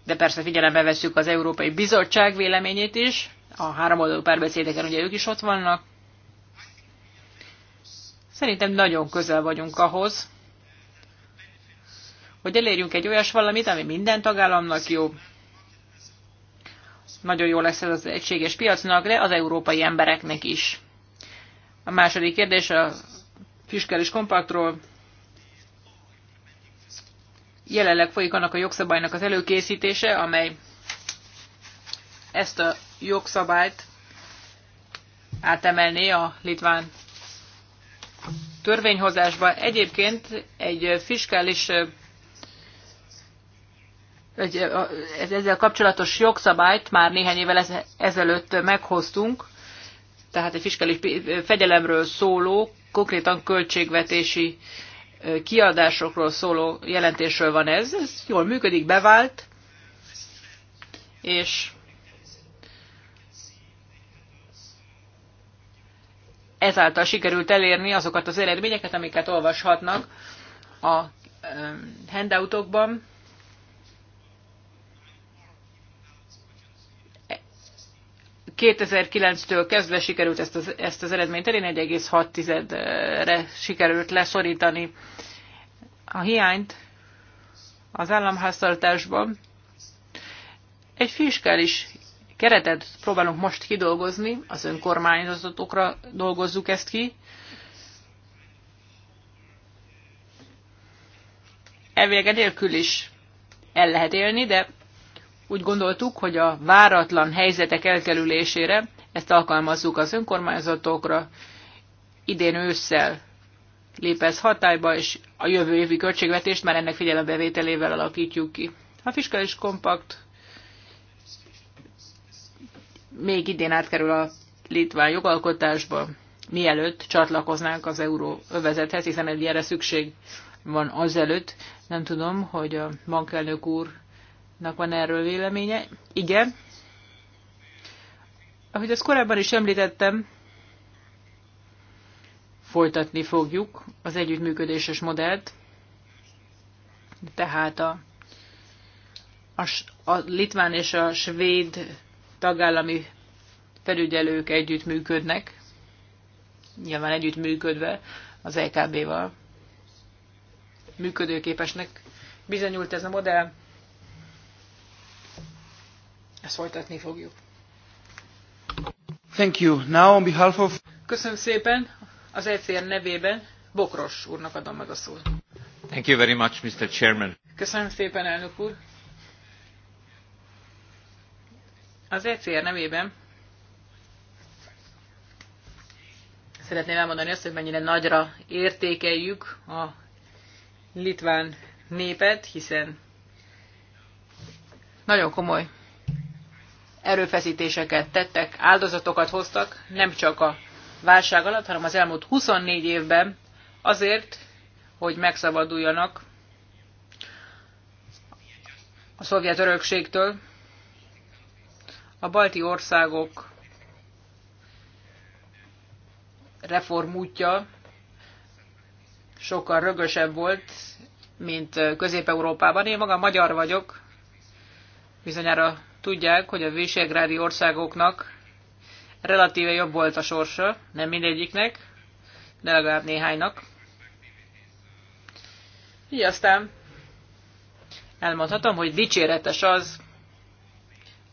de persze figyelembe veszük az Európai Bizottság véleményét is a háromoldalú párbeszédeken ugye ők is ott vannak. Szerintem nagyon közel vagyunk ahhoz, hogy elérjünk egy olyas valamit, ami minden tagállamnak jó. Nagyon jó lesz ez az egységes piacnak, de az európai embereknek is. A második kérdés a fiskális kompaktról. Jelenleg folyik annak a jogszabálynak az előkészítése, amely ezt a jogszabályt átemelni a litván törvényhozásba. Egyébként egy fiskális ezzel kapcsolatos jogszabályt már néhány évvel ezelőtt meghoztunk, tehát egy fiskális fegyelemről szóló, konkrétan költségvetési kiadásokról szóló jelentésről van ez. Ez jól működik, bevált, és ezáltal sikerült elérni azokat az eredményeket, amiket olvashatnak a handoutokban. ...2009-től kezdve sikerült ezt az, ezt az eredményt elérni, 1,6-re sikerült leszorítani a hiányt az államháztartásban. Egy fiskális keretet próbálunk most kidolgozni, az önkormányzatokra dolgozzuk ezt ki. Elvileg nélkül is el lehet élni, de úgy gondoltuk, hogy a váratlan helyzetek elkerülésére ezt alkalmazzuk az önkormányzatokra. Idén ősszel lép ez hatályba, és a jövő évi költségvetést már ennek figyelembevételével alakítjuk ki. A fiskális kompakt még idén átkerül a litván jogalkotásba, mielőtt csatlakoznánk az euróövezethez, hiszen egy ilyenre szükség van azelőtt. Nem tudom, hogy a bankelnök úrnak van erről véleménye. Igen. Ahogy ezt korábban is említettem, folytatni fogjuk az együttműködéses modellt, tehát a, a, a litván és a svéd tagállami felügyelők együttműködnek, nyilván együttműködve az EKB-val. Működőképesnek bizonyult ez a modell, ezt folytatni fogjuk. Thank you. Now on behalf of... Köszönöm szépen az ECR nevében Bokros úrnak adom meg a szót. Thank you very much, Mr. Chairman. Köszönöm szépen, elnök úr. Az ECR nevében szeretném elmondani azt, hogy mennyire nagyra értékeljük a litván népet, hiszen nagyon komoly erőfeszítéseket tettek, áldozatokat hoztak, nem csak a válság alatt, hanem az elmúlt 24 évben azért, hogy megszabaduljanak a szovjet örökségtől, a balti országok reformútja sokkal rögösebb volt, mint Közép-Európában. Én magam magyar vagyok, bizonyára tudják, hogy a visegrádi országoknak relatíve jobb volt a sorsa, nem mindegyiknek, de legalább néhánynak. Így aztán elmondhatom, hogy dicséretes az,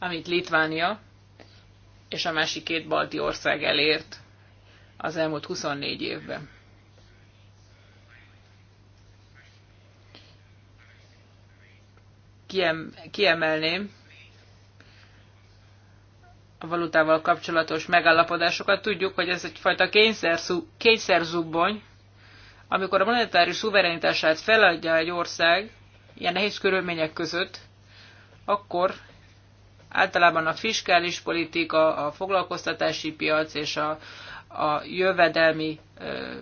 amit Litvánia és a másik két balti ország elért az elmúlt 24 évben. Kiemelném a valutával kapcsolatos megállapodásokat. Tudjuk, hogy ez egyfajta kényszerzubbony, amikor a monetáris szuverenitását feladja egy ország ilyen nehéz körülmények között, akkor Általában a fiskális politika, a foglalkoztatási piac és a, a jövedelmi ö,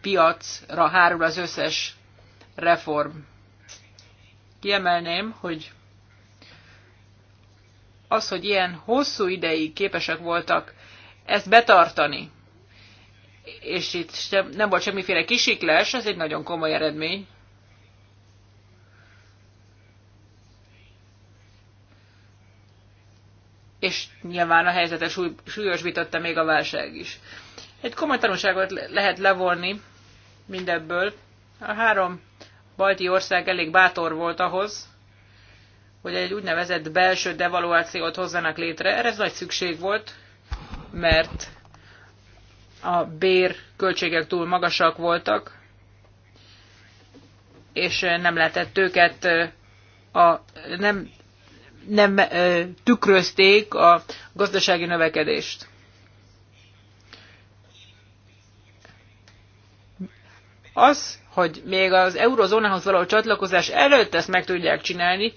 piacra hárul az összes reform. Kiemelném, hogy az, hogy ilyen hosszú ideig képesek voltak ezt betartani, és itt sem, nem volt semmiféle kisiklás, ez egy nagyon komoly eredmény. és nyilván a helyzetet súly, súlyosbította még a válság is. Egy komoly tanulságot lehet levonni mindebből. A három balti ország elég bátor volt ahhoz, hogy egy úgynevezett belső devaluációt hozzanak létre. Erre ez nagy szükség volt, mert a bér költségek túl magasak voltak, és nem lehetett őket a, nem nem tükrözték a gazdasági növekedést. Az, hogy még az eurozónához való csatlakozás előtt ezt meg tudják csinálni,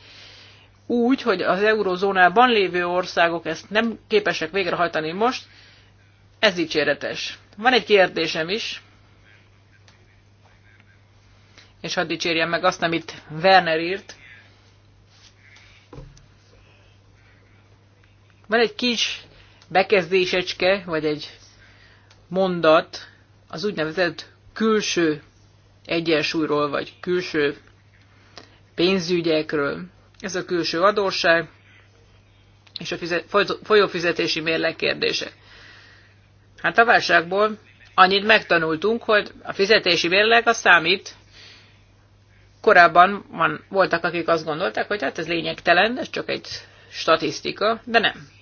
úgy, hogy az eurozónában lévő országok ezt nem képesek végrehajtani most, ez dicséretes. Van egy kérdésem is, és hadd dicsérjem meg azt, amit Werner írt. Van egy kis bekezdésecske, vagy egy mondat az úgynevezett külső egyensúlyról, vagy külső pénzügyekről. Ez a külső adósság és a folyófizetési mérleg kérdése. Hát a válságból annyit megtanultunk, hogy a fizetési mérleg a számít. Korábban van, voltak, akik azt gondolták, hogy hát ez lényegtelen, ez csak egy statisztika, de nem.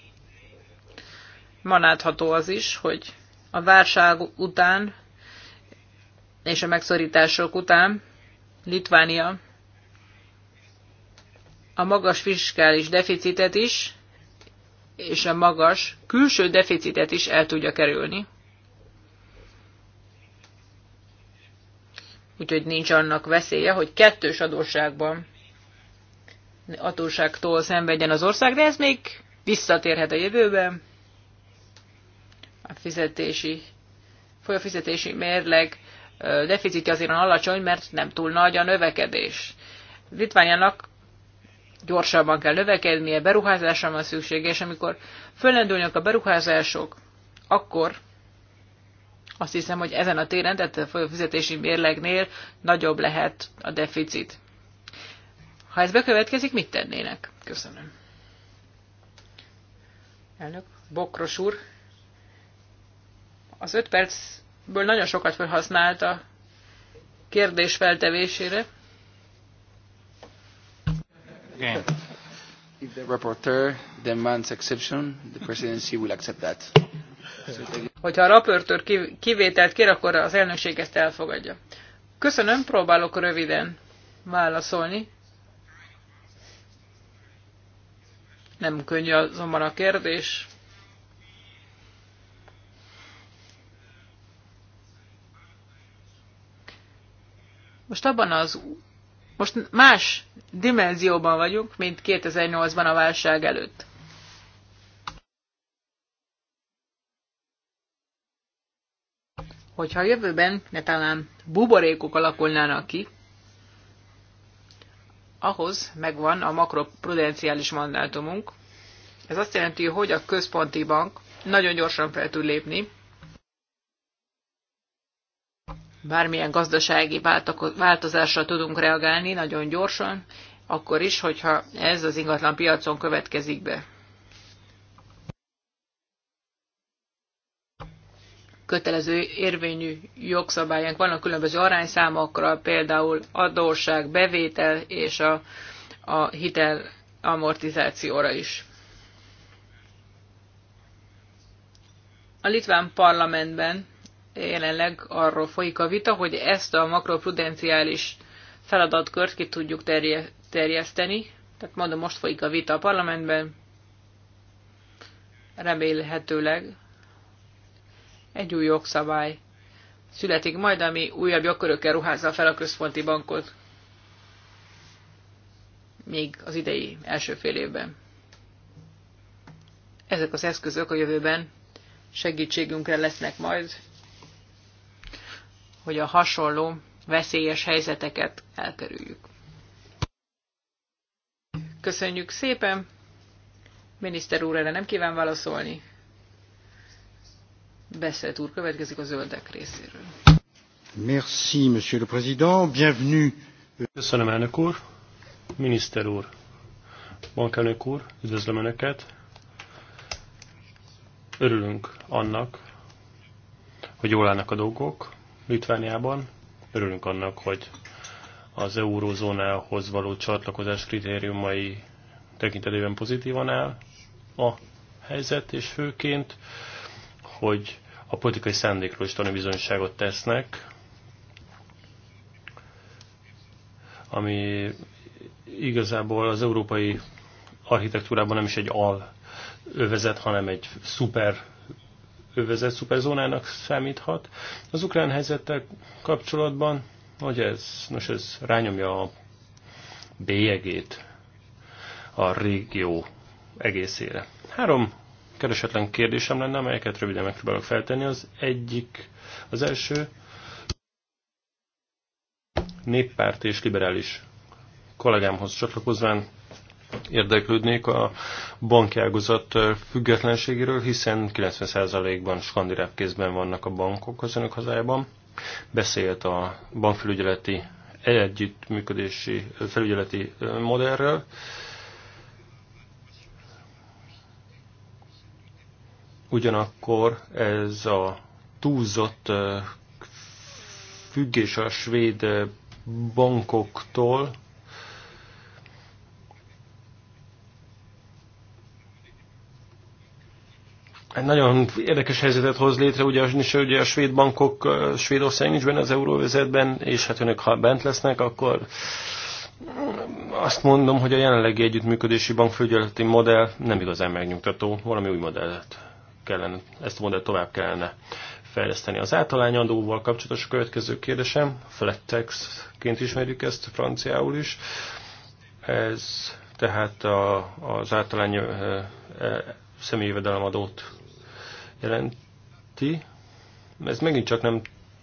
Manátható az is, hogy a válság után és a megszorítások után Litvánia a magas fiskális deficitet is, és a magas külső deficitet is el tudja kerülni. Úgyhogy nincs annak veszélye, hogy kettős adósságban adósságtól szenvedjen az ország, de ez még visszatérhet a jövőben a fizetési, folyófizetési mérleg deficitje azért alacsony, mert nem túl nagy a növekedés. Litvániának gyorsabban kell növekednie, beruházásra van szüksége, és amikor fölendülnek a beruházások, akkor azt hiszem, hogy ezen a téren, tehát a folyófizetési mérlegnél nagyobb lehet a deficit. Ha ez bekövetkezik, mit tennének? Köszönöm. Elnök, Bokros úr az öt percből nagyon sokat felhasznált a kérdés feltevésére. Okay. If the demands exception, the presidency will accept that. Hogyha a raportőr kivételt kér, akkor az elnökség ezt elfogadja. Köszönöm, próbálok röviden válaszolni. Nem könnyű azonban a kérdés. Most abban az, most más dimenzióban vagyunk, mint 2008-ban a válság előtt. Hogyha a jövőben ne talán buborékok alakulnának ki, ahhoz megvan a makroprudenciális mandátumunk. Ez azt jelenti, hogy a központi bank nagyon gyorsan fel tud lépni, bármilyen gazdasági változásra tudunk reagálni nagyon gyorsan, akkor is, hogyha ez az ingatlan piacon következik be. kötelező érvényű jogszabályánk vannak különböző arányszámokra, például adósság, bevétel és a, a hitel amortizációra is. A litván parlamentben jelenleg arról folyik a vita, hogy ezt a makroprudenciális feladatkört ki tudjuk terje, terjeszteni. Tehát mondom, most folyik a vita a parlamentben, remélhetőleg egy új jogszabály születik majd, ami újabb jogkörökkel ruházza fel a központi bankot még az idei első fél évben. Ezek az eszközök a jövőben segítségünkre lesznek majd hogy a hasonló veszélyes helyzeteket elkerüljük. Köszönjük szépen! Miniszter úr erre nem kíván válaszolni. Beszélt úr következik a zöldek részéről. Merci, monsieur le président. Bienvenue. Köszönöm, elnök úr. Miniszter úr, bankelnök úr, üdvözlöm Önöket. Örülünk annak, hogy jól állnak a dolgok, Litvániában. Örülünk annak, hogy az eurózónához való csatlakozás kritériumai tekintetében pozitívan áll a helyzet, és főként, hogy a politikai szándékról is tanúbizonyságot tesznek, ami igazából az európai architektúrában nem is egy al övezet, hanem egy szuper övezet szuperzónának számíthat. Az ukrán helyzettel kapcsolatban, hogy ez, nos ez rányomja a bélyegét a régió egészére. Három keresetlen kérdésem lenne, amelyeket röviden megpróbálok feltenni. Az egyik, az első, néppárt és liberális kollégámhoz csatlakozván érdeklődnék a bankjágozat függetlenségéről, hiszen 90%-ban skandináv kézben vannak a bankok az önök hazájában. Beszélt a bankfelügyeleti együttműködési felügyeleti modellről. Ugyanakkor ez a túlzott függés a svéd bankoktól egy nagyon érdekes helyzetet hoz létre, ugyanis ugye a svéd bankok, Svédország nincs benne az euróvezetben, és hát önök ha bent lesznek, akkor azt mondom, hogy a jelenlegi együttműködési bankfőgyeleti modell nem igazán megnyugtató, valami új modellet kellene, ezt a modellt tovább kellene fejleszteni. Az általányadóval kapcsolatos a következő kérdésem, tax-ként ismerjük ezt franciául is, ez tehát a, az általány e, e, személyi jövedelemadót jelenti. Ez megint csak nem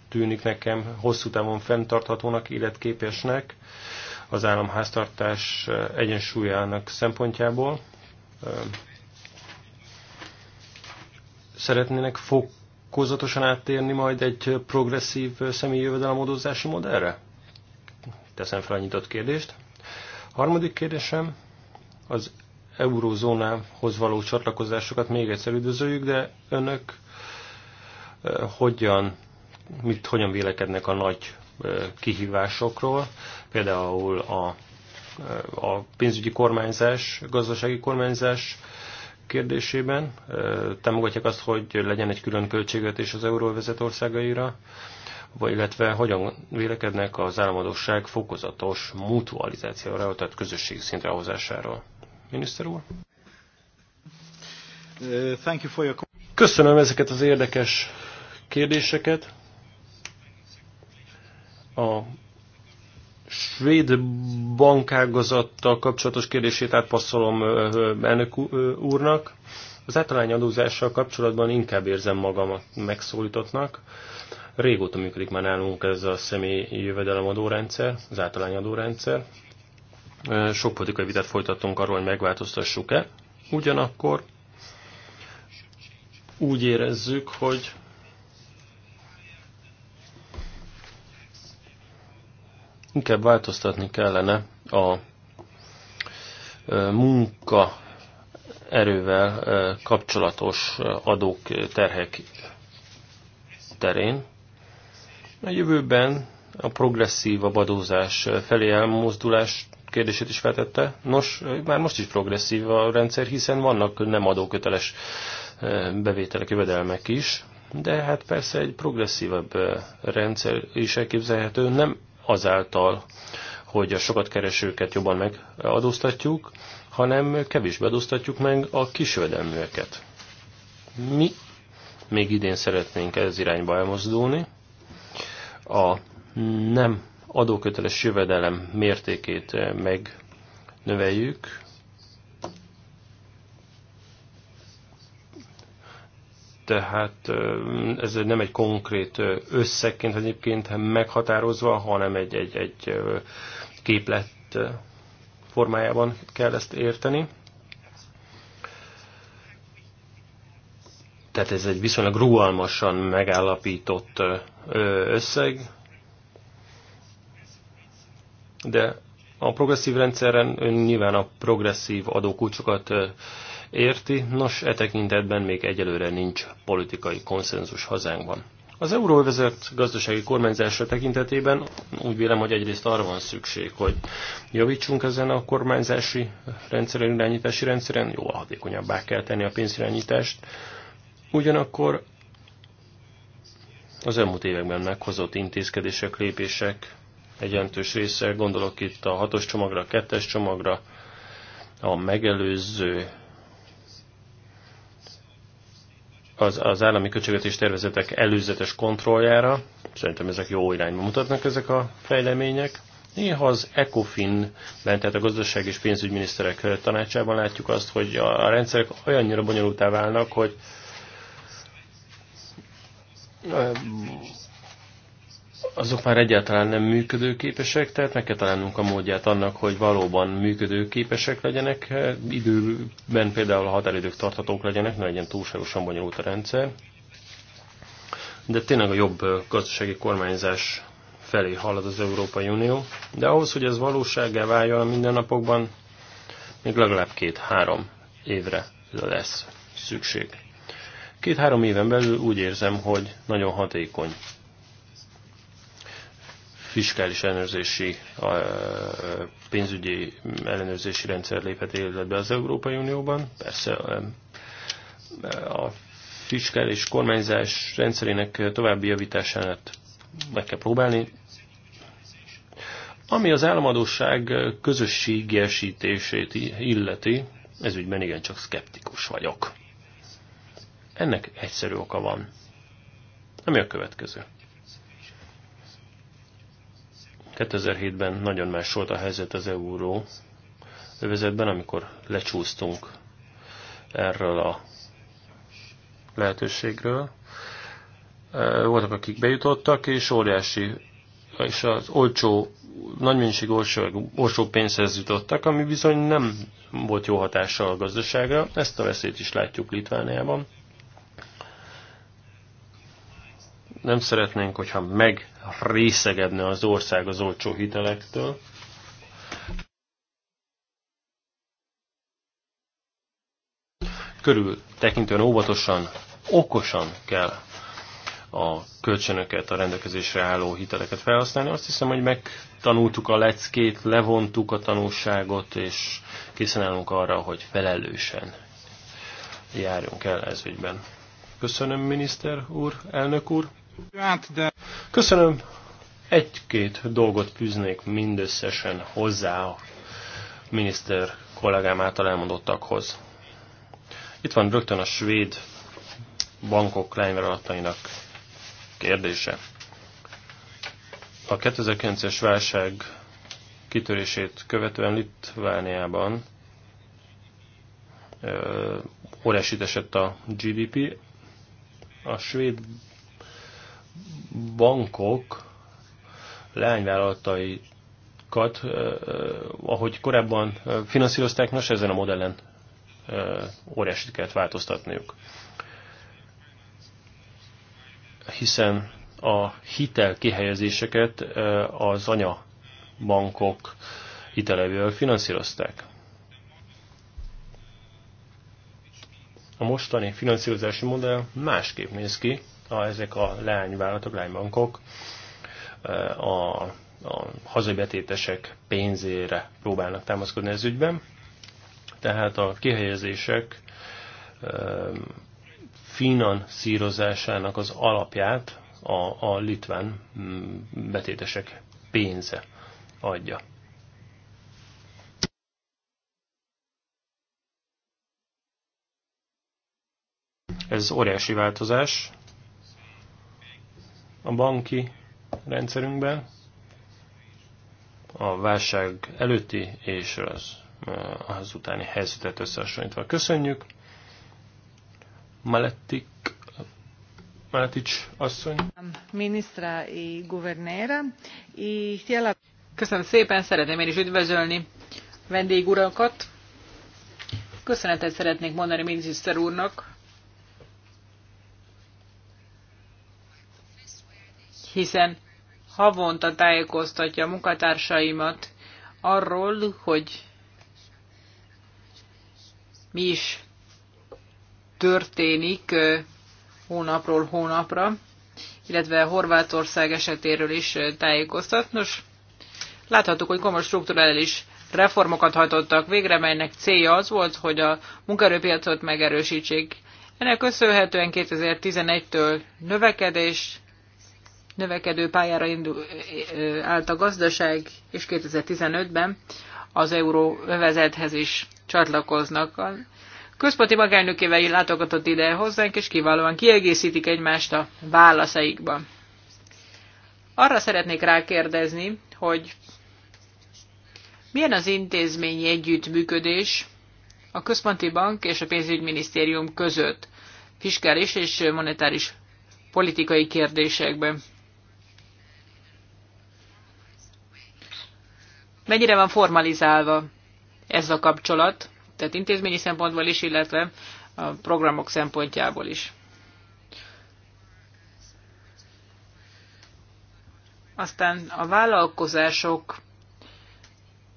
tűnik nekem hosszú távon fenntarthatónak, életképesnek az államháztartás eh, egyensúlyának szempontjából. Eh, szeretnének fokozatosan áttérni majd egy progresszív személyi jövedelemadózási modellre? Teszem fel a nyitott kérdést. harmadik kérdésem az eurózónához való csatlakozásokat még egyszer üdvözöljük, de önök eh, hogyan, mit, hogyan vélekednek a nagy eh, kihívásokról, például a, eh, a pénzügyi kormányzás, gazdasági kormányzás kérdésében. Támogatják azt, hogy legyen egy külön költségvetés az euróvezet országaira, vagy illetve hogyan vélekednek az államadóság fokozatos mutualizációra, tehát közösség szintre hozásáról miniszter úr. Uh, Köszönöm ezeket az érdekes kérdéseket. A svéd bankágazattal kapcsolatos kérdését átpasszolom elnök úrnak. Az általány adózással kapcsolatban inkább érzem magamat megszólítottnak. Régóta működik már nálunk ez a személyi jövedelemadórendszer, az általány adórendszer. Sok politikai vitát folytattunk arról, hogy megváltoztassuk-e. Ugyanakkor úgy érezzük, hogy inkább változtatni kellene a munka erővel kapcsolatos adók, terhek terén. A jövőben a progresszívabb adózás felé elmozdulást kérdését is feltette. Nos, már most is progresszív a rendszer, hiszen vannak nem adóköteles bevételek, jövedelmek is, de hát persze egy progresszívebb rendszer is elképzelhető, nem azáltal, hogy a sokat keresőket jobban megadóztatjuk, hanem kevésbé adóztatjuk meg a kisjövedelműeket. Mi még idén szeretnénk ez irányba elmozdulni. A nem adóköteles jövedelem mértékét eh, megnöveljük, tehát eh, ez nem egy konkrét eh, összegként egyébként meghatározva, hanem egy, egy, egy képlet formájában kell ezt érteni. Tehát ez egy viszonylag rugalmasan megállapított összeg, de a progresszív rendszeren ön nyilván a progresszív adókulcsokat érti, nos, e tekintetben még egyelőre nincs politikai konszenzus hazánkban. Az euróvezet gazdasági kormányzásra tekintetében úgy vélem, hogy egyrészt arra van szükség, hogy javítsunk ezen a kormányzási rendszeren, irányítási rendszeren, jó hatékonyabbá kell tenni a pénzirányítást. Ugyanakkor az elmúlt években meghozott intézkedések, lépések egy jelentős része, gondolok itt a hatos csomagra, a kettes csomagra, a megelőző az, az állami költségvetés tervezetek előzetes kontrolljára. Szerintem ezek jó irányba mutatnak ezek a fejlemények. Néha az ECOFIN-ben, tehát a gazdaság és pénzügyminiszterek tanácsában látjuk azt, hogy a rendszerek olyannyira bonyolultá válnak, hogy azok már egyáltalán nem működőképesek, tehát meg kell találnunk a módját annak, hogy valóban működőképesek legyenek, időben például a határidők tarthatók legyenek, ne legyen túlságosan bonyolult a rendszer. De tényleg a jobb gazdasági kormányzás felé halad az Európai Unió, de ahhoz, hogy ez valósággá váljon a mindennapokban, még legalább két-három évre lesz szükség. Két-három éven belül úgy érzem, hogy nagyon hatékony fiskális ellenőrzési, pénzügyi ellenőrzési rendszer léphet életbe az Európai Unióban. Persze a fiskális kormányzás rendszerének további javításánát meg kell próbálni. Ami az államadóság közösségiesítését illeti, ez ügyben igencsak szkeptikus vagyok. Ennek egyszerű oka van. Ami a következő. 2007-ben nagyon más volt a helyzet az euró övezetben, amikor lecsúsztunk erről a lehetőségről. E, voltak, akik bejutottak, és óriási, és az olcsó, nagy mennyiség olcsó, olcsó pénzhez jutottak, ami bizony nem volt jó hatással a gazdaságra. Ezt a veszélyt is látjuk Litvániában. nem szeretnénk, hogyha megrészegedne az ország az olcsó hitelektől. Körül tekintően óvatosan, okosan kell a kölcsönöket, a rendelkezésre álló hiteleket felhasználni. Azt hiszem, hogy megtanultuk a leckét, levontuk a tanulságot, és készen állunk arra, hogy felelősen járjunk el ez ügyben. Köszönöm, miniszter úr, elnök úr! Köszönöm. Egy-két dolgot fűznék mindösszesen hozzá a miniszter kollégám által elmondottakhoz. Itt van rögtön a svéd bankok lányvállalatainak kérdése. A 2009-es válság kitörését követően Litvániában óriásit esett a GDP, a svéd bankok leányvállalataikat, ahogy korábban finanszírozták, most ezen a modellen óriásit kellett változtatniuk. Hiszen a hitel kihelyezéseket az anya bankok hitelevővel finanszírozták. A mostani finanszírozási modell másképp néz ki, a, ezek a leányvállalatok, lánybankok a, a hazai betétesek pénzére próbálnak támaszkodni ez ügyben. Tehát a kihelyezések finanszírozásának az alapját a, a litván mm, betétesek pénze adja. Ez óriási változás, a banki rendszerünkben, a válság előtti és az, az utáni helyzetet összehasonlítva. Köszönjük! Malettik, Maletics asszony. Minisztra i guvernéra. I htjela... Köszönöm szépen, szeretném én is üdvözölni vendégurakat. Köszönetet szeretnék mondani miniszter úrnak hiszen havonta tájékoztatja a munkatársaimat arról, hogy mi is történik hónapról hónapra, illetve Horvátország esetéről is tájékoztat. Nos, láthattuk, hogy komoly strukturális reformokat hajtottak végre, melynek célja az volt, hogy a munkaerőpiacot megerősítsék. Ennek köszönhetően 2011-től növekedés, növekedő pályára indul, állt a gazdaság, és 2015-ben az euróvezethez is csatlakoznak. A központi magánökével látogatott ide hozzánk, és kiválóan kiegészítik egymást a válaszaikban. Arra szeretnék rákérdezni, hogy milyen az intézményi együttműködés a központi bank és a pénzügyminisztérium között fiskális és monetáris politikai kérdésekben. mennyire van formalizálva ez a kapcsolat, tehát intézményi szempontból is, illetve a programok szempontjából is. Aztán a vállalkozások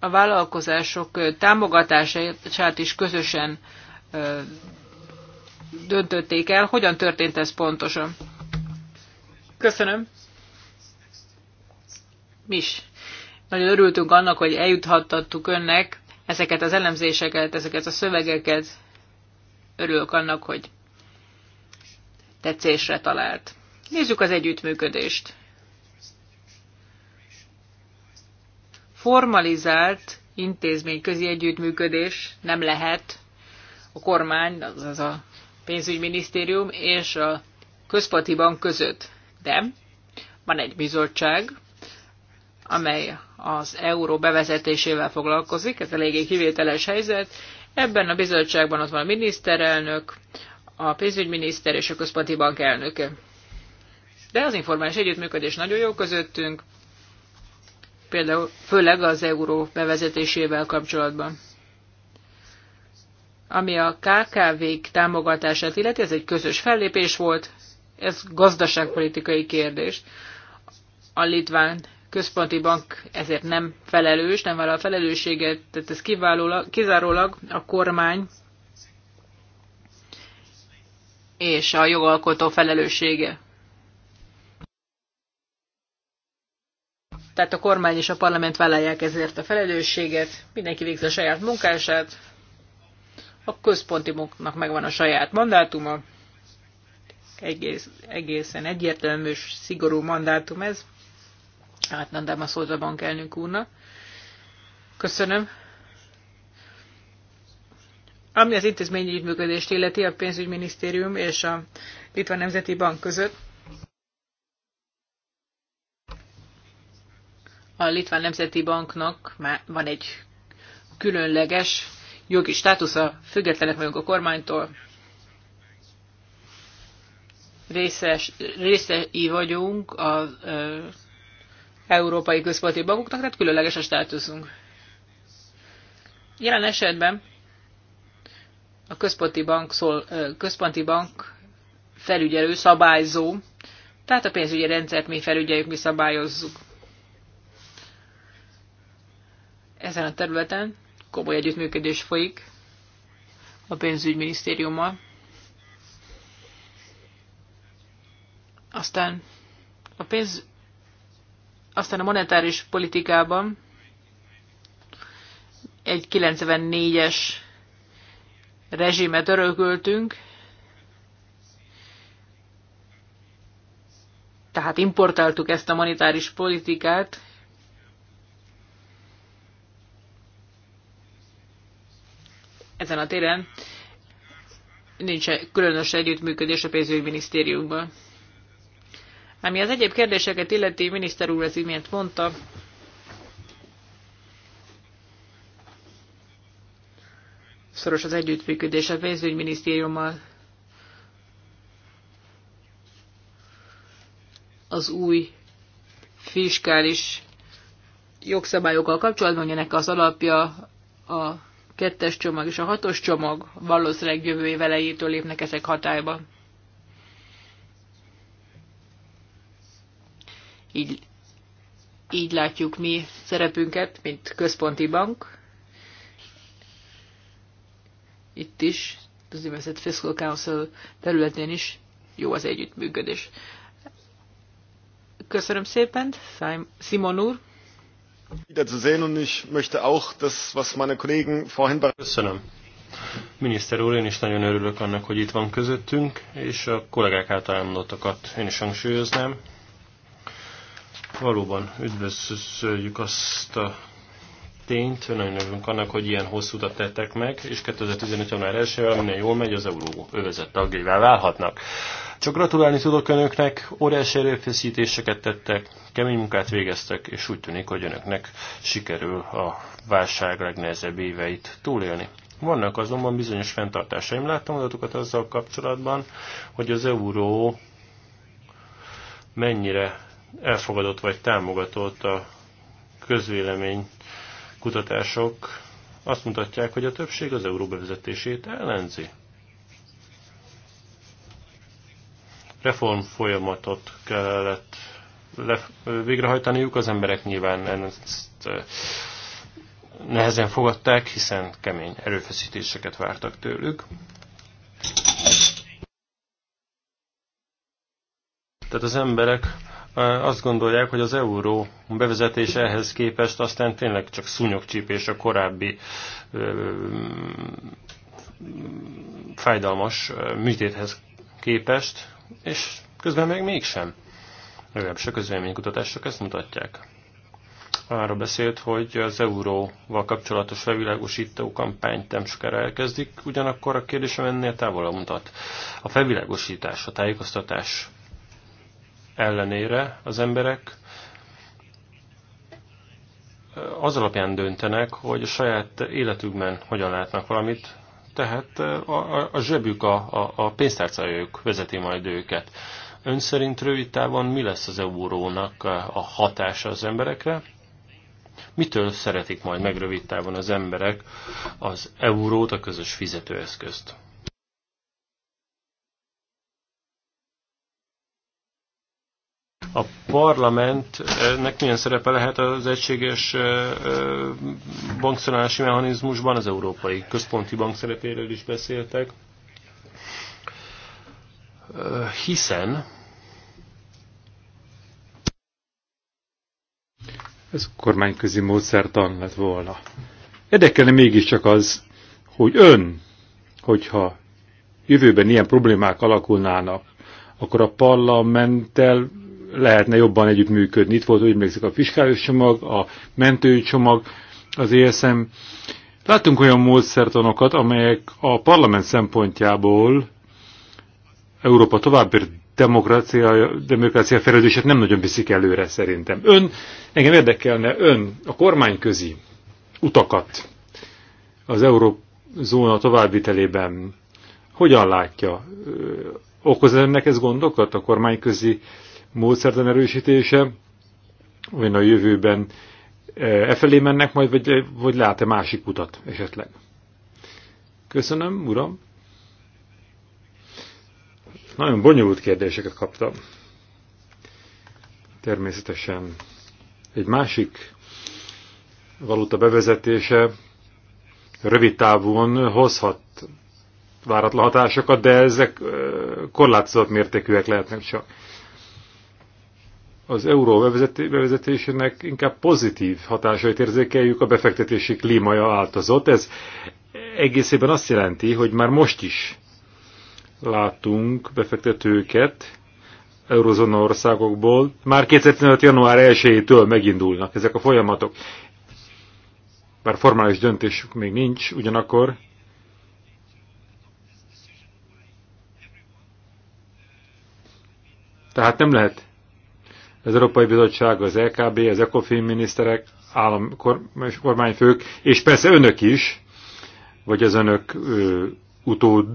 a vállalkozások támogatását is közösen döntötték el. Hogyan történt ez pontosan? Köszönöm. Mis. Nagyon örültünk annak, hogy eljuthattattuk önnek ezeket az elemzéseket, ezeket a szövegeket. Örülök annak, hogy tetszésre talált. Nézzük az együttműködést. Formalizált intézményközi együttműködés nem lehet a kormány, azaz a pénzügyminisztérium és a központi bank között. De van egy bizottság, amely az euró bevezetésével foglalkozik, ez eléggé kivételes helyzet. Ebben a bizottságban ott van a miniszterelnök, a pénzügyminiszter és a központi bank elnöke. De az informális együttműködés nagyon jó közöttünk, például főleg az euró bevezetésével kapcsolatban. Ami a KKV-k támogatását illeti, ez egy közös fellépés volt, ez gazdaságpolitikai kérdés. A litván központi bank ezért nem felelős, nem vállal a felelősséget, tehát ez kizárólag a kormány és a jogalkotó felelőssége. Tehát a kormány és a parlament vállalják ezért a felelősséget, mindenki végzi a saját munkását, a központi munknak megvan a saját mandátuma, egész, egészen egyértelmű és szigorú mandátum ez nem, de szót a kellünk úrnak. Köszönöm. Ami az intézményi ügyműködést illeti a pénzügyminisztérium és a Litván Nemzeti Bank között, a Litván Nemzeti Banknak már van egy különleges jogi státusza, függetlenek vagyunk a kormánytól, részes, részei vagyunk a európai központi bankoknak, tehát különleges a státuszunk. Jelen esetben a központi bank, szól, központi bank felügyelő, szabályzó, tehát a pénzügyi rendszert mi felügyeljük, mi szabályozzuk. Ezen a területen komoly együttműködés folyik a pénzügyminisztériummal. Aztán a pénz, aztán a monetáris politikában egy 94-es rezsimet örököltünk, tehát importáltuk ezt a monetáris politikát, ezen a téren nincs különös együttműködés a pénzügyminisztériumban. Ami az egyéb kérdéseket illeti, miniszter úr az imént mondta, szoros az együttműködés a pénzügyminisztériummal, az új fiskális jogszabályokkal kapcsolatban, ennek az alapja a kettes csomag és a hatos csomag, valószínűleg jövő év elejétől lépnek ezek hatályba. Így, így látjuk mi szerepünket, mint központi bank. Itt is, az Investment Fiscal Council területén is jó az együttműködés. Köszönöm szépen, Simon úr. Wiederzusehen und ich möchte auch das, was meine Kollegen vorhin Köszönöm. Miniszter úr, én is nagyon örülök annak, hogy itt van közöttünk, és a kollégák által elmondottakat én is hangsúlyoznám. Valóban üdvözöljük azt a tényt, nagyon örülünk annak, hogy ilyen hosszú utat tettek meg, és 2015. január 1-vel jól megy, az euró övezet tagjává válhatnak. Csak gratulálni tudok önöknek, óriási erőfeszítéseket tettek, kemény munkát végeztek, és úgy tűnik, hogy önöknek sikerül a válság legnehezebb éveit túlélni. Vannak azonban bizonyos fenntartásaim. Láttam adatokat azzal kapcsolatban, hogy az euró mennyire elfogadott vagy támogatott a közvélemény kutatások azt mutatják, hogy a többség az euró bevezetését ellenzi. Reform folyamatot kellett le, végrehajtaniuk, az emberek nyilván ezt eh, nehezen fogadták, hiszen kemény erőfeszítéseket vártak tőlük. Tehát az emberek azt gondolják, hogy az euró bevezetése ehhez képest aztán tényleg csak szúnyogcsípés a korábbi fájdalmas műtéthez képest, és közben meg mégsem. Legalábbis a közvéleménykutatások ezt mutatják. Arra beszélt, hogy az euróval kapcsolatos felvilágosító kampányt nem sokára elkezdik, ugyanakkor a kérdésem ennél távolabb mutat. A felvilágosítás, a tájékoztatás ellenére az emberek az alapján döntenek, hogy a saját életükben hogyan látnak valamit, tehát a, a zsebük, a, a, a pénztárcájuk vezeti majd őket. Ön szerint rövid távon mi lesz az eurónak a hatása az emberekre? Mitől szeretik majd meg rövid távon az emberek az eurót, a közös fizetőeszközt? a parlamentnek milyen szerepe lehet az egységes bankszolási mechanizmusban, az Európai Központi Bank szerepéről is beszéltek, hiszen ez kormányközi módszertan lett volna. Érdekelne mégiscsak az, hogy ön, hogyha jövőben ilyen problémák alakulnának, akkor a parlamenttel lehetne jobban együttműködni. Itt volt, hogy emlékszik, a fiskális csomag, a mentőcsomag, az ESM. Láttunk olyan módszertanokat, amelyek a parlament szempontjából Európa további demokrácia, demokrácia fejlődését nem nagyon viszik előre szerintem. Ön, engem érdekelne ön a kormányközi utakat az eurózóna továbbvitelében hogyan látja? Okoz ennek ez gondokat a kormányközi módszertan erősítése, vagy a jövőben e, e felé mennek majd, vagy, e, vagy lát-e másik utat esetleg? Köszönöm, uram. Nagyon bonyolult kérdéseket kaptam. Természetesen egy másik valuta bevezetése rövid távon hozhat váratlan hatásokat, de ezek e, korlátozott mértékűek lehetnek csak az euró bevezetésének inkább pozitív hatásait érzékeljük, a befektetési klímaja áltozott. Ez egészében azt jelenti, hogy már most is látunk befektetőket eurozóna országokból. Már 2015. január 1-től megindulnak ezek a folyamatok. Bár formális döntésük még nincs, ugyanakkor tehát nem lehet az Európai Bizottság, az LKB, az ECOFIN miniszterek, állam, kormányfők, és persze önök is, vagy az önök ö, utód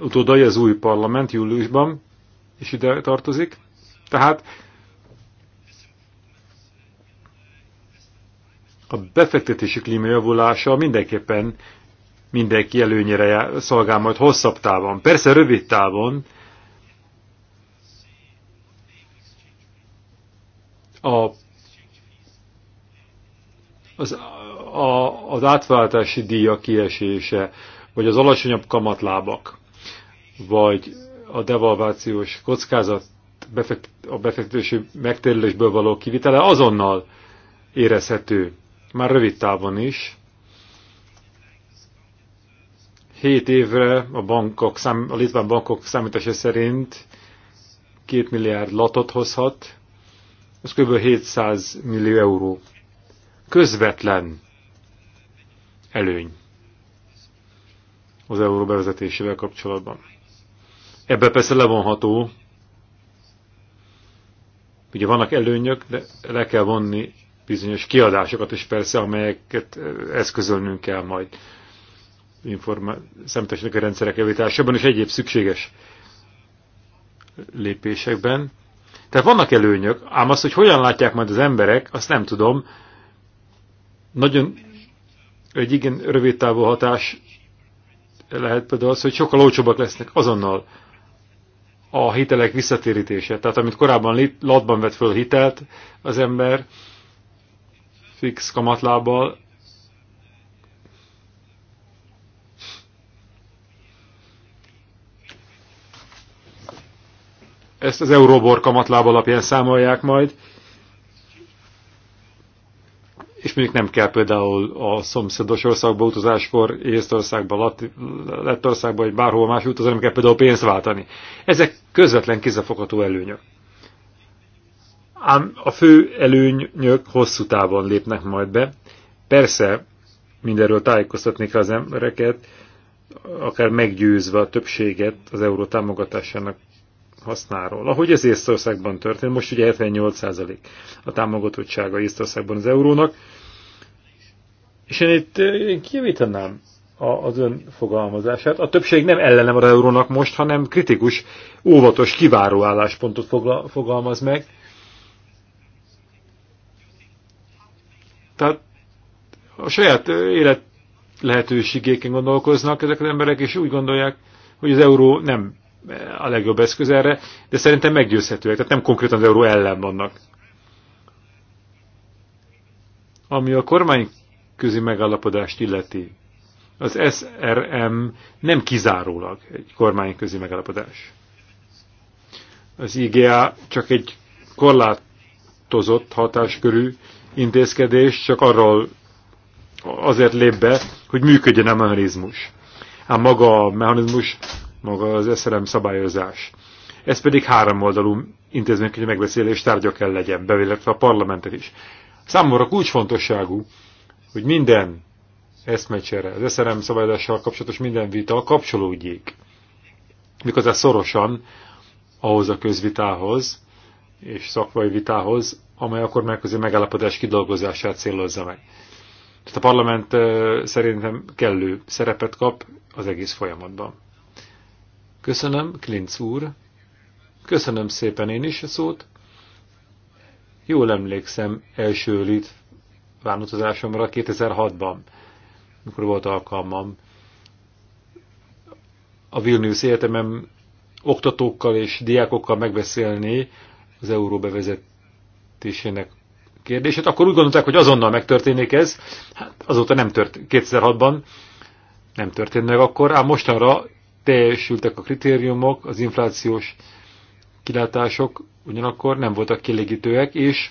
utódai az új parlament júliusban, és ide tartozik. Tehát a befektetési klíma javulása mindenképpen mindenki előnyére szolgál majd hosszabb távon. Persze rövid távon a, az, a, az átváltási díja kiesése, vagy az alacsonyabb kamatlábak, vagy a devalvációs kockázat a befektetési megtérülésből való kivitele azonnal érezhető, már rövid távon is, 7 évre a, bankok, a litván bankok számítása szerint 2 milliárd latot hozhat, ez kb. 700 millió euró. Közvetlen előny az euró bevezetésével kapcsolatban. Ebbe persze levonható, ugye vannak előnyök, de le kell vonni bizonyos kiadásokat is persze, amelyeket eszközölnünk kell majd számítástechnikai rendszerek javításában és egyéb szükséges lépésekben. Tehát vannak előnyök, ám azt, hogy hogyan látják majd az emberek, azt nem tudom. Nagyon egy igen rövid távú hatás lehet például az, hogy sokkal olcsóbbak lesznek azonnal a hitelek visszatérítése. Tehát amit korábban latban vett föl hitelt az ember fix kamatlábbal, ezt az Euróbor kamatláb alapján számolják majd, és mondjuk nem kell például a szomszédos országba utazáskor, Észtországba, Lati, Lettországba, vagy bárhol más utazni, nem kell például pénzt váltani. Ezek közvetlen kizafogható előnyök. Ám a fő előnyök hosszú távon lépnek majd be. Persze mindenről tájékoztatnék kell az embereket, akár meggyőzve a többséget az euró támogatásának hasznáról, ahogy ez Észtországban történt, most ugye 78% a támogatottsága Észtországban az eurónak, és én itt eh, én kijavítanám az ön fogalmazását. A többség nem ellenem az eurónak most, hanem kritikus, óvatos, kiváró álláspontot fogalmaz meg. Tehát a saját eh, élet lehetőségéken gondolkoznak ezek az emberek, és úgy gondolják, hogy az euró nem a legjobb eszköz erre, de szerintem meggyőzhetőek, tehát nem konkrétan az euró ellen vannak. Ami a kormányközi megállapodást illeti, az SRM nem kizárólag egy kormányközi megállapodás. Az IGA csak egy korlátozott hatáskörű intézkedés, csak arról azért lép be, hogy működjön a mechanizmus. Ám maga a mechanizmus maga az SRM szabályozás. Ez pedig három oldalú intézménykönyvi megbeszélés tárgya kell legyen, bevéletve a parlamentet is. Számomra kulcsfontosságú, hogy minden eszmecsere, az SRM szabályozással kapcsolatos minden vita kapcsolódjék. Miközben szorosan ahhoz a közvitához és szakmai vitához, amely akkor megközi megállapodás kidolgozását célozza meg. Tehát a parlament szerintem kellő szerepet kap az egész folyamatban. Köszönöm, Klinc úr. Köszönöm szépen én is a szót. Jól emlékszem első lit vánutazásomra 2006-ban, mikor volt alkalmam a Vilnius Egyetemen oktatókkal és diákokkal megbeszélni az euró bevezetésének kérdését, akkor úgy gondolták, hogy azonnal megtörténik ez. Hát azóta nem történt, 2006-ban nem történt meg akkor, ám mostanra teljesültek a kritériumok, az inflációs kilátások ugyanakkor nem voltak kielégítőek, és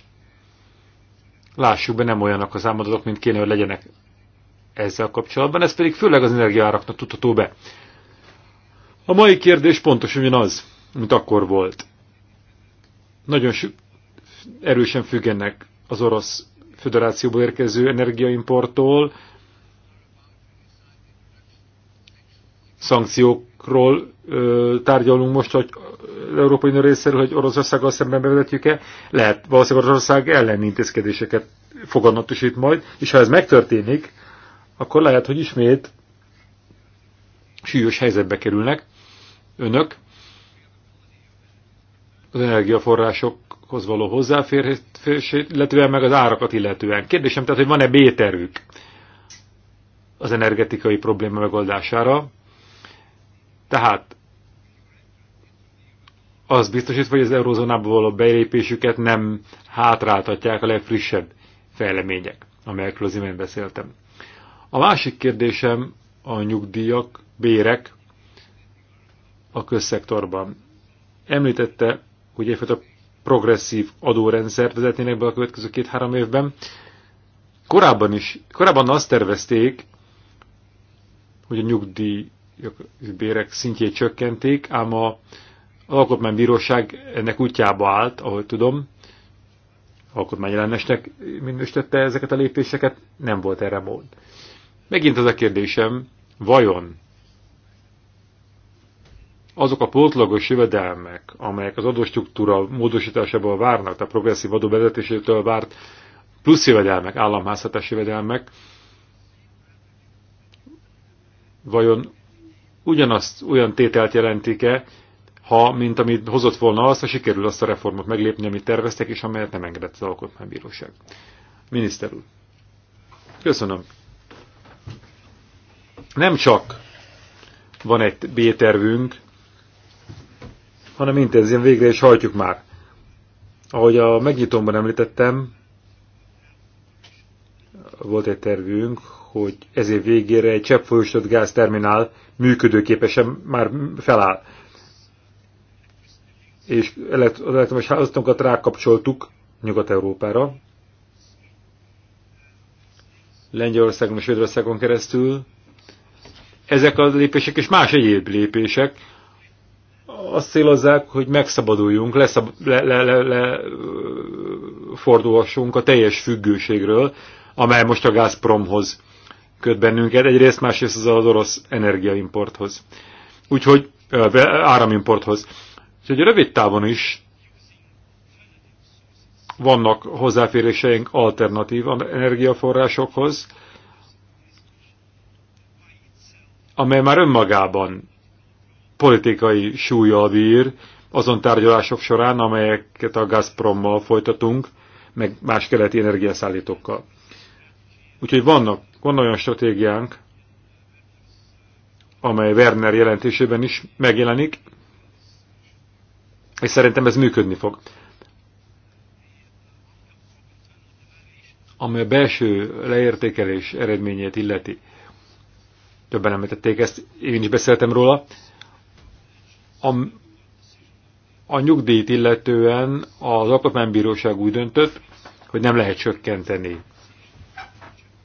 lássuk be, nem olyanak az álmodatok, mint kéne, hogy legyenek ezzel kapcsolatban, ez pedig főleg az energiáraknak tudható be. A mai kérdés pontosan ugyanaz, mint akkor volt. Nagyon erősen függenek az orosz föderációból érkező energiaimporttól, szankciókról ö, tárgyalunk most, hogy Európai Unió részéről, hogy Oroszországgal szemben bevezetjük-e, lehet valószínűleg Oroszország ellen intézkedéseket foganatosít majd, és ha ez megtörténik, akkor lehet, hogy ismét súlyos helyzetbe kerülnek önök az energiaforrásokhoz való hozzáférését, illetően meg az árakat illetően. Kérdésem tehát, hogy van-e béterük az energetikai probléma megoldására, tehát az biztosít, hogy az eurozónába való belépésüket nem hátráltatják a legfrissebb fejlemények, amelyekről az imént beszéltem. A másik kérdésem a nyugdíjak, bérek a közszektorban. Említette, hogy egyfajta progresszív adórendszer vezetnének be a következő két-három évben. Korábban is, korábban azt tervezték, hogy a nyugdíj bérek szintjét csökkenték, ám a alkotmánybíróság ennek útjába állt, ahogy tudom, alkotmányellenesnek minősítette ezeket a lépéseket, nem volt erre mód. Megint az a kérdésem, vajon azok a pótlagos jövedelmek, amelyek az adóstruktúra módosításából várnak, a progresszív adó vezetésétől várt plusz jövedelmek, államháztatás jövedelmek, vajon ugyanazt olyan tételt jelentik-e, ha, mint amit hozott volna azt, ha sikerül azt a reformot meglépni, amit terveztek, és amelyet nem engedett az alkotmánybíróság. Miniszter úr. Köszönöm. Nem csak van egy B-tervünk, hanem intenzíven végre is hajtjuk már. Ahogy a megnyitomban említettem, volt egy tervünk, hogy ez év végére egy cseppfolyósított gázterminál működőképesen már feláll. És az elektromos hálózatunkat rákapcsoltuk Nyugat-Európára, Lengyelországon és Svédországon keresztül. Ezek a lépések és más egyéb lépések azt célozzák, hogy megszabaduljunk, lefordulhassunk le, le, le, le, a teljes függőségről, amely most a Gazpromhoz köt bennünket, egyrészt másrészt az, az orosz energiaimporthoz. Úgyhogy áramimporthoz. Úgyhogy rövid távon is vannak hozzáféréseink alternatív energiaforrásokhoz, amely már önmagában politikai súlyjal bír azon tárgyalások során, amelyeket a Gazprommal folytatunk, meg más keleti energiaszállítókkal. Úgyhogy vannak van olyan stratégiánk, amely Werner jelentésében is megjelenik, és szerintem ez működni fog. Ami a belső leértékelés eredményét illeti, többen említették ezt, én is beszéltem róla, a, a nyugdíjt illetően az alkotmánybíróság úgy döntött, hogy nem lehet csökkenteni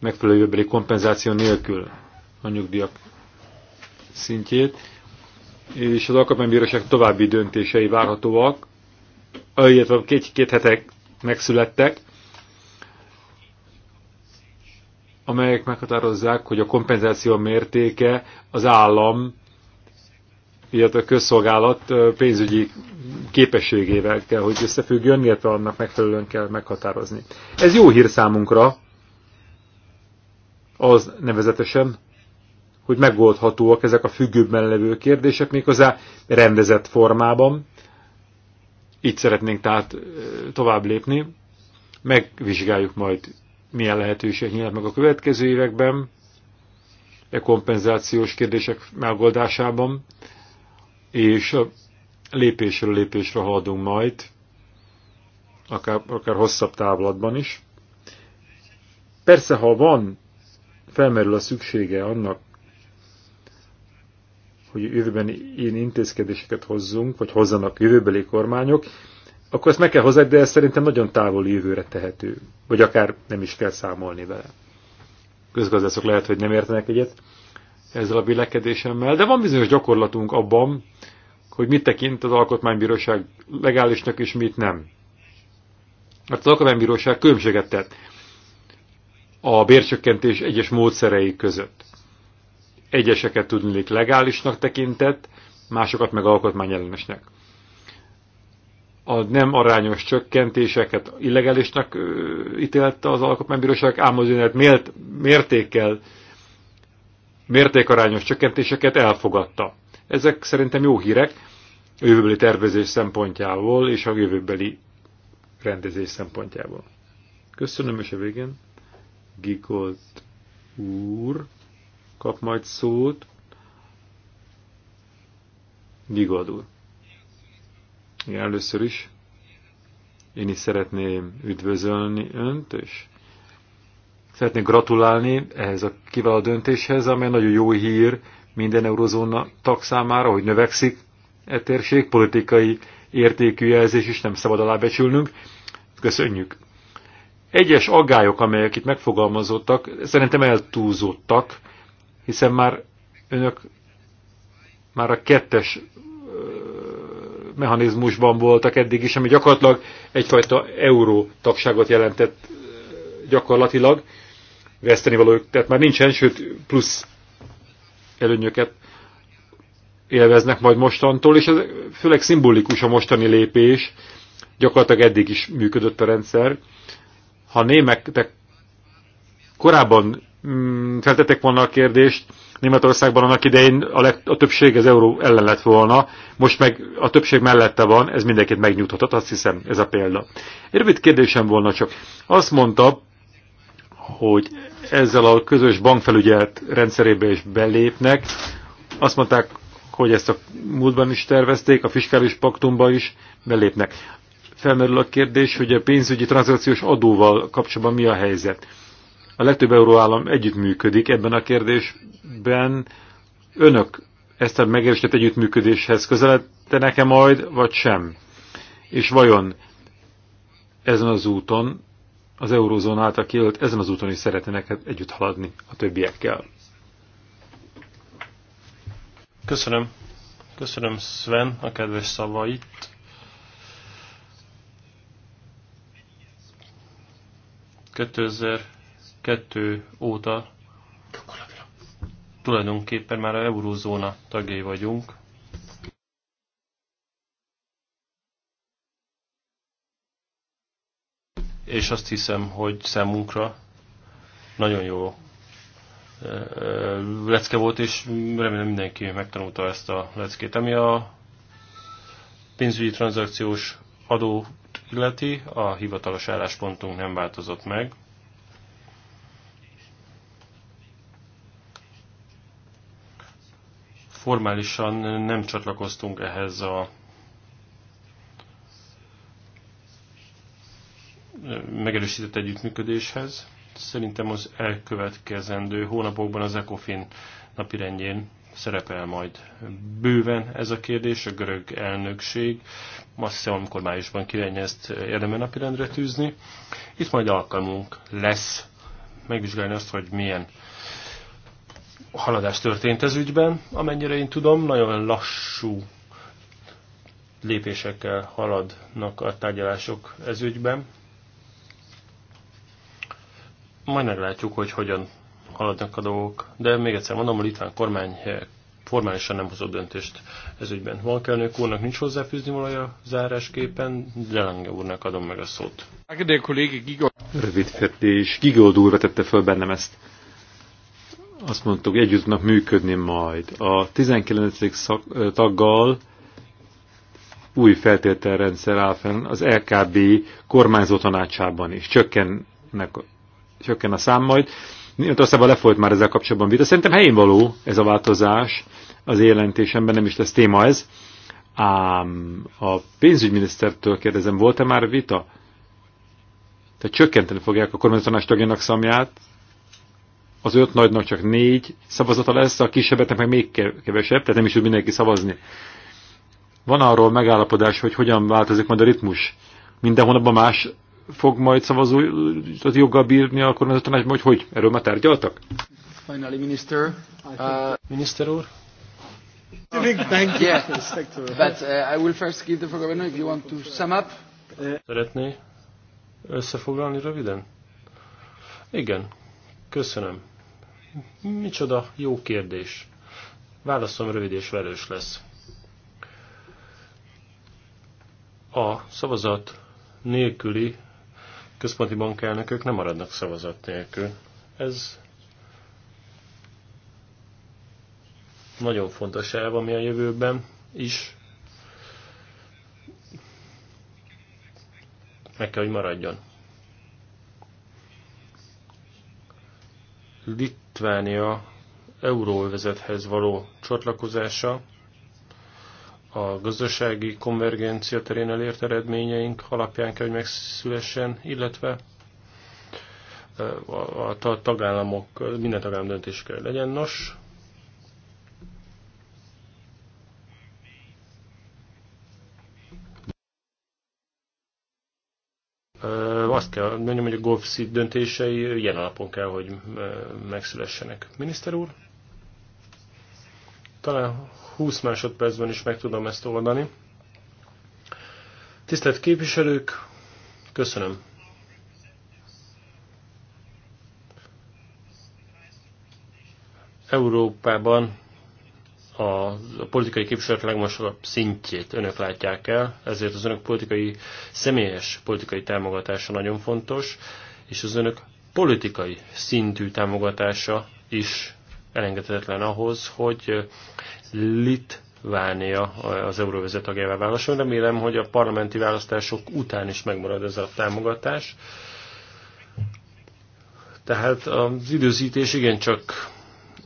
megfelelő jövőbeli kompenzáció nélkül a nyugdíjak szintjét, és az alkotmánybíróság további döntései várhatóak, illetve két, két hetek megszülettek, amelyek meghatározzák, hogy a kompenzáció mértéke az állam, illetve a közszolgálat pénzügyi képességével kell, hogy összefüggjön, illetve annak megfelelően kell meghatározni. Ez jó hír számunkra, az nevezetesen, hogy megoldhatóak ezek a függőbben levő kérdések, méghozzá rendezett formában. Így szeretnénk tehát tovább lépni. Megvizsgáljuk majd, milyen lehetőség nyílt meg a következő években, e kompenzációs kérdések megoldásában, és lépésről lépésre haladunk majd, akár, akár hosszabb távlatban is. Persze, ha van felmerül a szüksége annak, hogy jövőben ilyen intézkedéseket hozzunk, vagy hozzanak jövőbeli kormányok, akkor ezt meg kell hozzák, de ez szerintem nagyon távoli jövőre tehető, vagy akár nem is kell számolni vele. Közgazdászok lehet, hogy nem értenek egyet ezzel a vélekedésemmel, de van bizonyos gyakorlatunk abban, hogy mit tekint az alkotmánybíróság legálisnak és mit nem. Mert hát az alkotmánybíróság különbséget tett a bércsökkentés egyes módszerei között. Egyeseket tudnék legálisnak tekintett, másokat meg alkotmányellenesnek. A nem arányos csökkentéseket illegálisnak ítélte az alkotmánybíróság, ám az ünnep mért, mértékkel, mértékarányos csökkentéseket elfogadta. Ezek szerintem jó hírek a jövőbeli tervezés szempontjából és a jövőbeli rendezés szempontjából. Köszönöm, és a végén. Gigolt úr kap majd szót. Gigold úr. Igen, először is én is szeretném üdvözölni önt, és szeretnék gratulálni ehhez a kiváló döntéshez, amely nagyon jó hír minden eurozóna tag számára, hogy növekszik e térség, politikai értékű jelzés is nem szabad alábecsülnünk. Köszönjük egyes aggályok, amelyek itt megfogalmazottak, szerintem eltúzottak, hiszen már önök már a kettes mechanizmusban voltak eddig is, ami gyakorlatilag egyfajta euró tagságot jelentett gyakorlatilag veszteni valójuk, tehát már nincsen, sőt plusz előnyöket élveznek majd mostantól, és ez főleg szimbolikus a mostani lépés, gyakorlatilag eddig is működött a rendszer, ha németek korábban mm, feltettek volna a kérdést, Németországban annak idején a, leg, a többség az euró ellen lett volna, most meg a többség mellette van, ez mindenkit megnyugtatott, azt hiszem ez a példa. Egy rövid kérdésem volna csak. Azt mondta, hogy ezzel a közös bankfelügyelet rendszerébe is belépnek. Azt mondták, hogy ezt a múltban is tervezték, a fiskális paktumba is belépnek felmerül a kérdés, hogy a pénzügyi tranzakciós adóval kapcsolatban mi a helyzet. A legtöbb euróállam együttműködik ebben a kérdésben. Önök ezt a megerősített együttműködéshez közeledtenek-e majd, vagy sem? És vajon ezen az úton, az eurózón által kiölt, ezen az úton is szeretnének hát együtt haladni a többiekkel? Köszönöm. Köszönöm Sven a kedves szavait. 2002 óta tulajdonképpen már a eurózóna tagjai vagyunk. És azt hiszem, hogy számunkra nagyon jó lecke volt, és remélem mindenki megtanulta ezt a leckét. Ami a pénzügyi tranzakciós adó illeti, a hivatalos álláspontunk nem változott meg. Formálisan nem csatlakoztunk ehhez a megerősített együttműködéshez. Szerintem az elkövetkezendő hónapokban az ECOFIN napirendjén szerepel majd bőven ez a kérdés, a görög elnökség. Azt hiszem, amikor májusban kívánja ezt érdemel napirendre tűzni. Itt majd alkalmunk lesz megvizsgálni azt, hogy milyen haladás történt ez ügyben, amennyire én tudom, nagyon lassú lépésekkel haladnak a tárgyalások ez ügyben. Majd meglátjuk, hogy hogyan haladnak a dolgok, de még egyszer mondom, a litván kormány eh, formálisan nem hozott döntést ez ügyben. Valkelnök úrnak nincs hozzáfűzni a zárásképpen, de Lange úrnak adom meg a szót. Rövid kérdés. Gigold úr vetette föl bennem ezt. Azt mondtuk, hogy együtt tudnak működni majd. A 19. Szak, eh, taggal új feltételrendszer áll fenn az LKB kormányzó tanácsában is. Csökkennek, csökken a szám majd Németországban lefolyt már ezzel kapcsolatban vita. Szerintem helyén való ez a változás az jelentésemben, nem is lesz téma ez. Ám a pénzügyminisztertől kérdezem, volt-e már vita? Tehát csökkenteni fogják a kormányzatanács tagjának számját, az öt nagynak csak négy szavazata lesz, a kisebbetnek meg még kevesebb, tehát nem is tud mindenki szavazni. Van arról megállapodás, hogy hogyan változik majd a ritmus. Minden hónapban más fog majd szavazó joggal bírni a kormányzat tanácsban, hogy hogy? Erről már tárgyaltak? Finally, minister. Uh, minister úr. Thank you. But uh, I will first give the if you want to sum up. Szeretné összefoglalni röviden? Igen, köszönöm. Micsoda jó kérdés. Válaszom rövid és velős lesz. A szavazat nélküli központi bankelnökök nem maradnak szavazat nélkül. Ez nagyon fontos elv, ami a jövőben is meg kell, hogy maradjon. Litvánia euróvezethez való csatlakozása a gazdasági konvergencia terén elért eredményeink alapján kell, hogy megszülessen, illetve a tagállamok, minden tagállam döntés kell legyen. Nos, azt kell mondjam, hogy a GovSit döntései ilyen alapon kell, hogy megszülessenek. Miniszter úr? Talán 20 másodpercben is meg tudom ezt oldani. Tisztelt képviselők, köszönöm. Európában a politikai képviselők legmagasabb szintjét önök látják el, ezért az önök politikai, személyes politikai támogatása nagyon fontos, és az önök politikai szintű támogatása is elengedhetetlen ahhoz, hogy Litvánia az euróvezet tagjává válaszol. Remélem, hogy a parlamenti választások után is megmarad ez a támogatás. Tehát az időzítés igencsak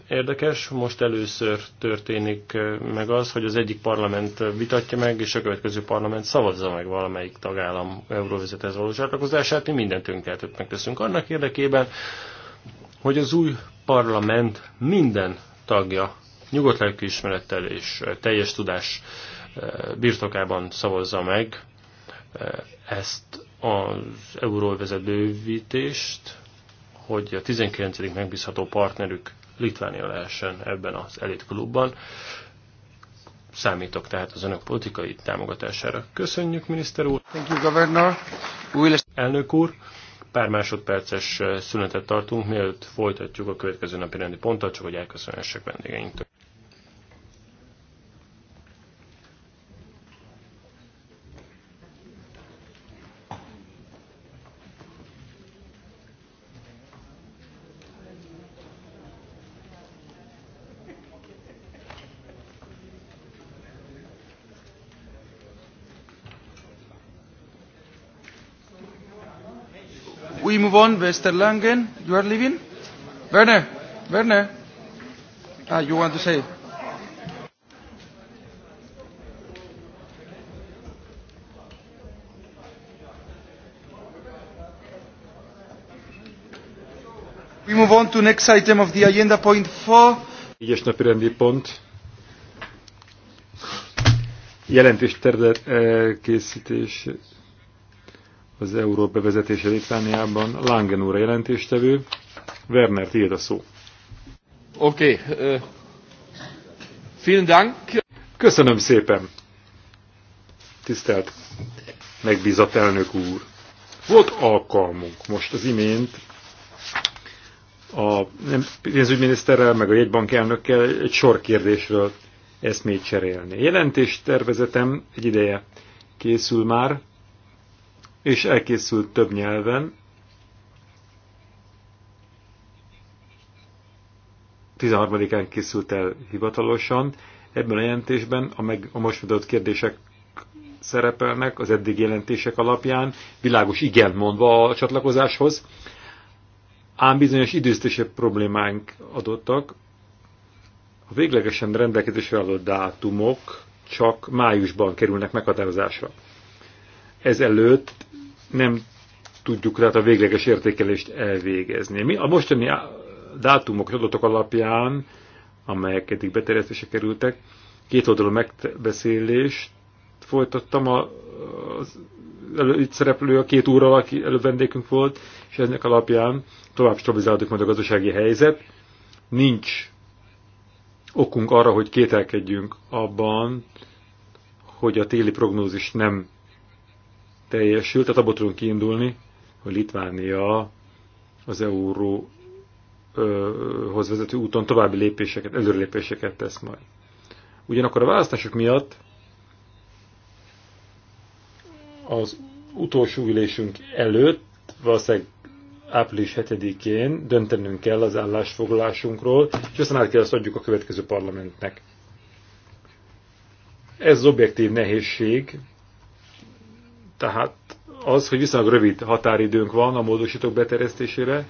érdekes. Most először történik meg az, hogy az egyik parlament vitatja meg, és a következő parlament szavazza meg valamelyik tagállam euróvezethez való csatlakozását. Mi mindent önkeltőt megteszünk annak érdekében, hogy az új parlament minden tagja nyugodt ismerettel és teljes tudás birtokában szavazza meg ezt az euróvezet bővítést, hogy a 19. megbízható partnerük Litvánia lehessen ebben az elitklubban. Számítok tehát az önök politikai támogatására. Köszönjük, miniszter úr! Thank you, governor. Új Elnök úr! Pár másodperces szünetet tartunk, mielőtt folytatjuk a következő napi rendi ponttal, csak hogy elköszönhessek vendégeinktől. move on, Mr. Langen. You are leaving? Werner, Werner. Ah, you want to say? We move on to next item of the agenda point four. Egyes napi rendi pont. Jelentés terület elkészítés eh, az euró bevezetése Litvániában. Langen úr jelentéstevő. Werner, tiéd a szó. Oké. Okay, uh, vielen Dank. Köszönöm szépen. Tisztelt megbízott elnök úr. Volt alkalmunk most az imént a pénzügyminiszterrel, meg a jegybank elnökkel egy sor kérdésről eszmét cserélni. Jelentéstervezetem egy ideje készül már, és elkészült több nyelven. 13-án készült el hivatalosan. Ebben a jelentésben a, meg, a most adott kérdések szerepelnek az eddig jelentések alapján, világos igen mondva a csatlakozáshoz, ám bizonyos időztési problémáink adottak. A véglegesen rendelkezésre álló dátumok csak májusban kerülnek meghatározásra ezelőtt nem tudjuk tehát a végleges értékelést elvégezni. Mi a mostani dátumok, adatok alapján, amelyek eddig beterjesztése kerültek, két oldalú megbeszélést folytattam a, az elő, itt szereplő a két úr aki előbb vendégünk volt, és ennek alapján tovább stabilizálódik majd a gazdasági helyzet. Nincs okunk arra, hogy kételkedjünk abban, hogy a téli prognózis nem teljesül, tehát abból tudunk kiindulni, hogy Litvánia az euróhoz vezető úton további lépéseket, előrelépéseket tesz majd. Ugyanakkor a választások miatt az utolsó ülésünk előtt, valószínűleg április 7-én döntenünk kell az állásfoglalásunkról, és aztán át kell azt adjuk a következő parlamentnek. Ez az objektív nehézség, tehát az, hogy viszonylag rövid határidőnk van a módosítók beterjesztésére,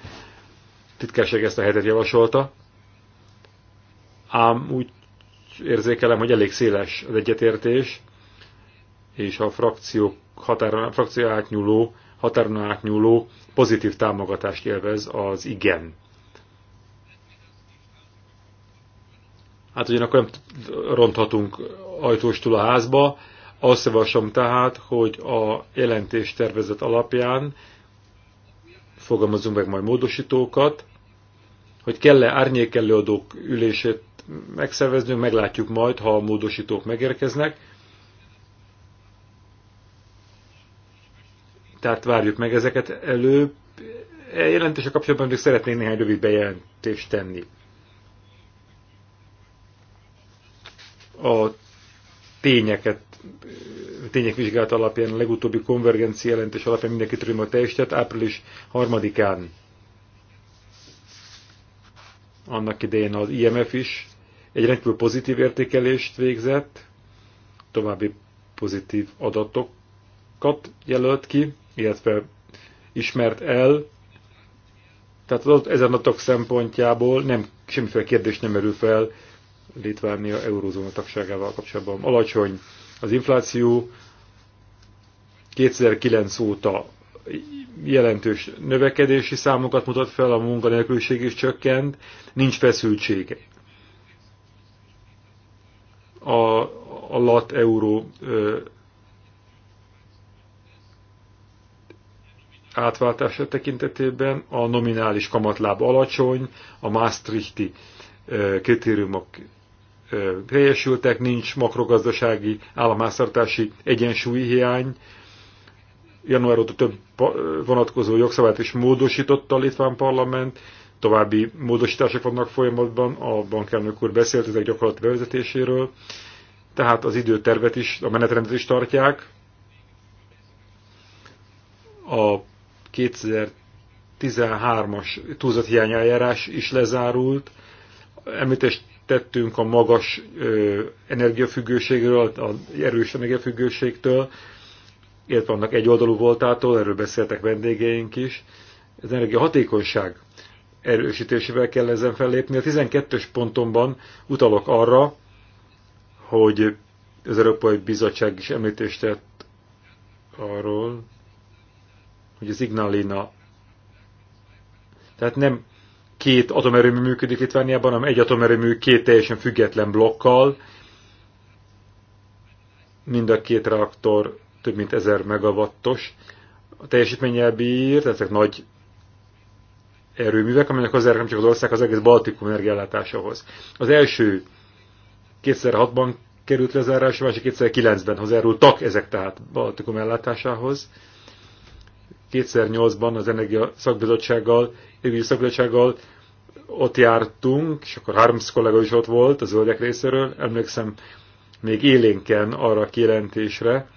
titkárság ezt a hetet javasolta, ám úgy érzékelem, hogy elég széles az egyetértés, és a frakciók határon, frakció átnyúló, határon átnyúló pozitív támogatást élvez az igen. Hát ugyanakkor nem ronthatunk ajtóstul a házba, azt javaslom tehát, hogy a tervezet alapján fogalmazunk meg majd módosítókat, hogy kell-e árnyékelőadók ülését megszerveznünk, meglátjuk majd, ha a módosítók megérkeznek. Tehát várjuk meg ezeket előbb. E jelentése kapcsolatban még szeretnék néhány rövid bejelentést tenni. A tényeket, tények vizsgálat alapján, a legutóbbi konvergencia jelentés alapján mindenki tudja a teljesített április harmadikán. Annak idején az IMF is egy rendkívül pozitív értékelést végzett, további pozitív adatokat jelölt ki, illetve ismert el, tehát az ezen adatok szempontjából nem, semmiféle kérdés nem merül fel Litvánia Eurózóna tagságával kapcsolatban. Alacsony az infláció, 2009 óta jelentős növekedési számokat mutat fel, a munkanélküliség is csökkent, nincs feszültsége. A, a lat euró ö, átváltása tekintetében a nominális kamatláb alacsony, a Maastrichti kritériumok teljesültek, nincs makrogazdasági államháztartási egyensúlyhiány. Január óta több vonatkozó jogszabályt is módosított a Litván parlament, további módosítások vannak folyamatban, a bankelnök úr beszélt ezek gyakorlati bevezetéséről, tehát az időtervet is, a menetrendet is tartják. A 2013-as túlzott hiányeljárás is lezárult, említést tettünk a magas ö, energiafüggőségről, az erős energiafüggőségtől, illetve annak egyoldalú voltától, erről beszéltek vendégeink is. Az energiahatékonyság erősítésével kell ezen fellépni. A 12-es pontomban utalok arra, hogy az Európai Bizottság is említést tett arról, hogy az Ignalina, tehát nem két atomerőmű működik Litvániában, hanem egy atomerőmű két teljesen független blokkal. Mind a két reaktor több mint 1000 megawattos a teljesítménnyel bír, ezek nagy erőművek, amelynek hozzájárul nem csak az ország, az egész Baltikum energiállátásához. Az első 2006-ban került lezárásra, másik 2009-ben hozzájárultak ezek tehát Baltikum ellátásához. 2008-ban az Energia Szakbizottsággal, Égügyi Szakbizottsággal ott jártunk, és akkor Harms kollega is ott volt a zöldek részéről, emlékszem még élénken arra a kijelentésre,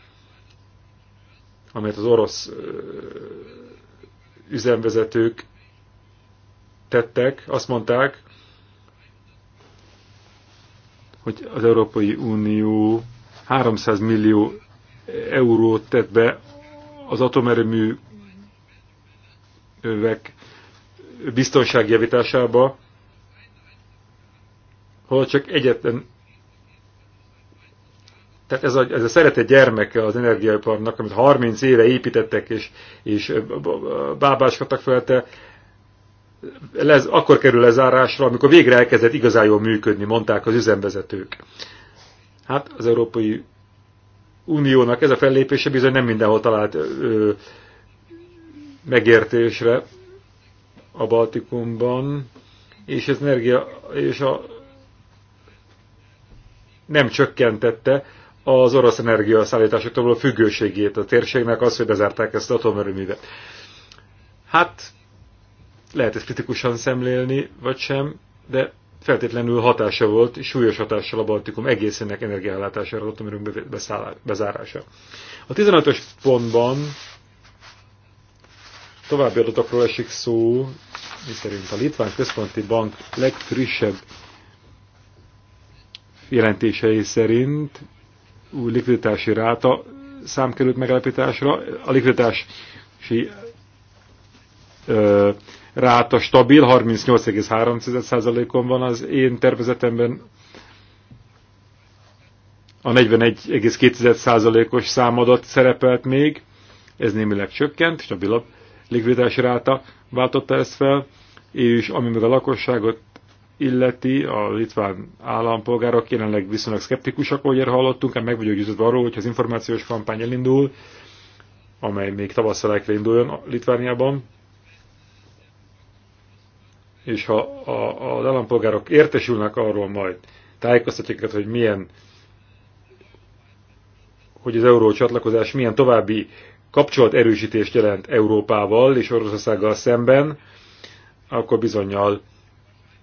amelyet az orosz üzemvezetők tettek, azt mondták, hogy az Európai Unió 300 millió eurót tett be az atomerőművek javításába, hol csak egyetlen tehát ez a, ez a szeretett gyermeke az energiaiparnak, amit 30 éve építettek és, és bábáskodtak felte, lez, akkor kerül lezárásra, amikor végre elkezdett igazán jól működni, mondták az üzemvezetők. Hát az Európai Uniónak ez a fellépése bizony nem mindenhol talált ö, megértésre, a Baltikumban, és az energia, és a nem csökkentette az orosz energiaszállításoktól a függőségét a térségnek, az, hogy bezárták ezt az atomerőművet. Hát, lehet ezt kritikusan szemlélni, vagy sem, de feltétlenül hatása volt, súlyos hatással a Baltikum egészének energiállátására, az atomerőmű bezárása. A 15-ös pontban További adatokról esik szó, miszerint a Litván Központi Bank legfrissebb jelentései szerint új likviditási ráta szám került megállapításra. A likviditási ö, ráta stabil, 38,3%-on van az én tervezetemben. A 41,2%-os számadat szerepelt még, ez némileg csökkent, stabilabb likviditási ráta váltotta ezt fel, és ami meg a lakosságot illeti, a litván állampolgárok jelenleg viszonylag szkeptikusak, ahogy erre hallottunk, hát meg vagyok győződve arról, hogy az információs kampány elindul, amely még tavasszal el kell induljon Litvániában, és ha a, az állampolgárok értesülnek arról majd, tájékoztatják őket, hogy milyen hogy az euró csatlakozás milyen további erősítést jelent Európával és Oroszországgal szemben, akkor bizonyal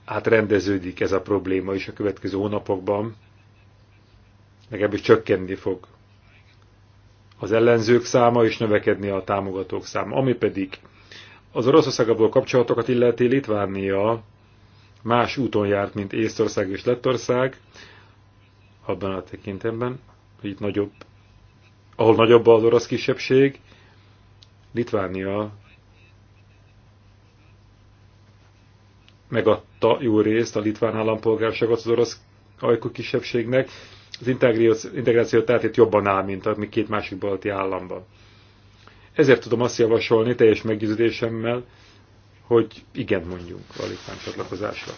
átrendeződik ez a probléma is a következő hónapokban, ebből csökkenni fog az ellenzők száma, és növekedni a támogatók száma. Ami pedig az Oroszországból kapcsolatokat illeti Litvánia más úton járt, mint Észtország és Lettország, abban a tekintetben, hogy itt nagyobb, ahol nagyobb az orosz kisebbség, Litvánia megadta jó részt a litván állampolgárságot az orosz ajkú kisebbségnek, az integráció tehát itt jobban áll, mint a mi két másik balti államban. Ezért tudom azt javasolni teljes meggyőződésemmel, hogy igen mondjunk a litván csatlakozásra.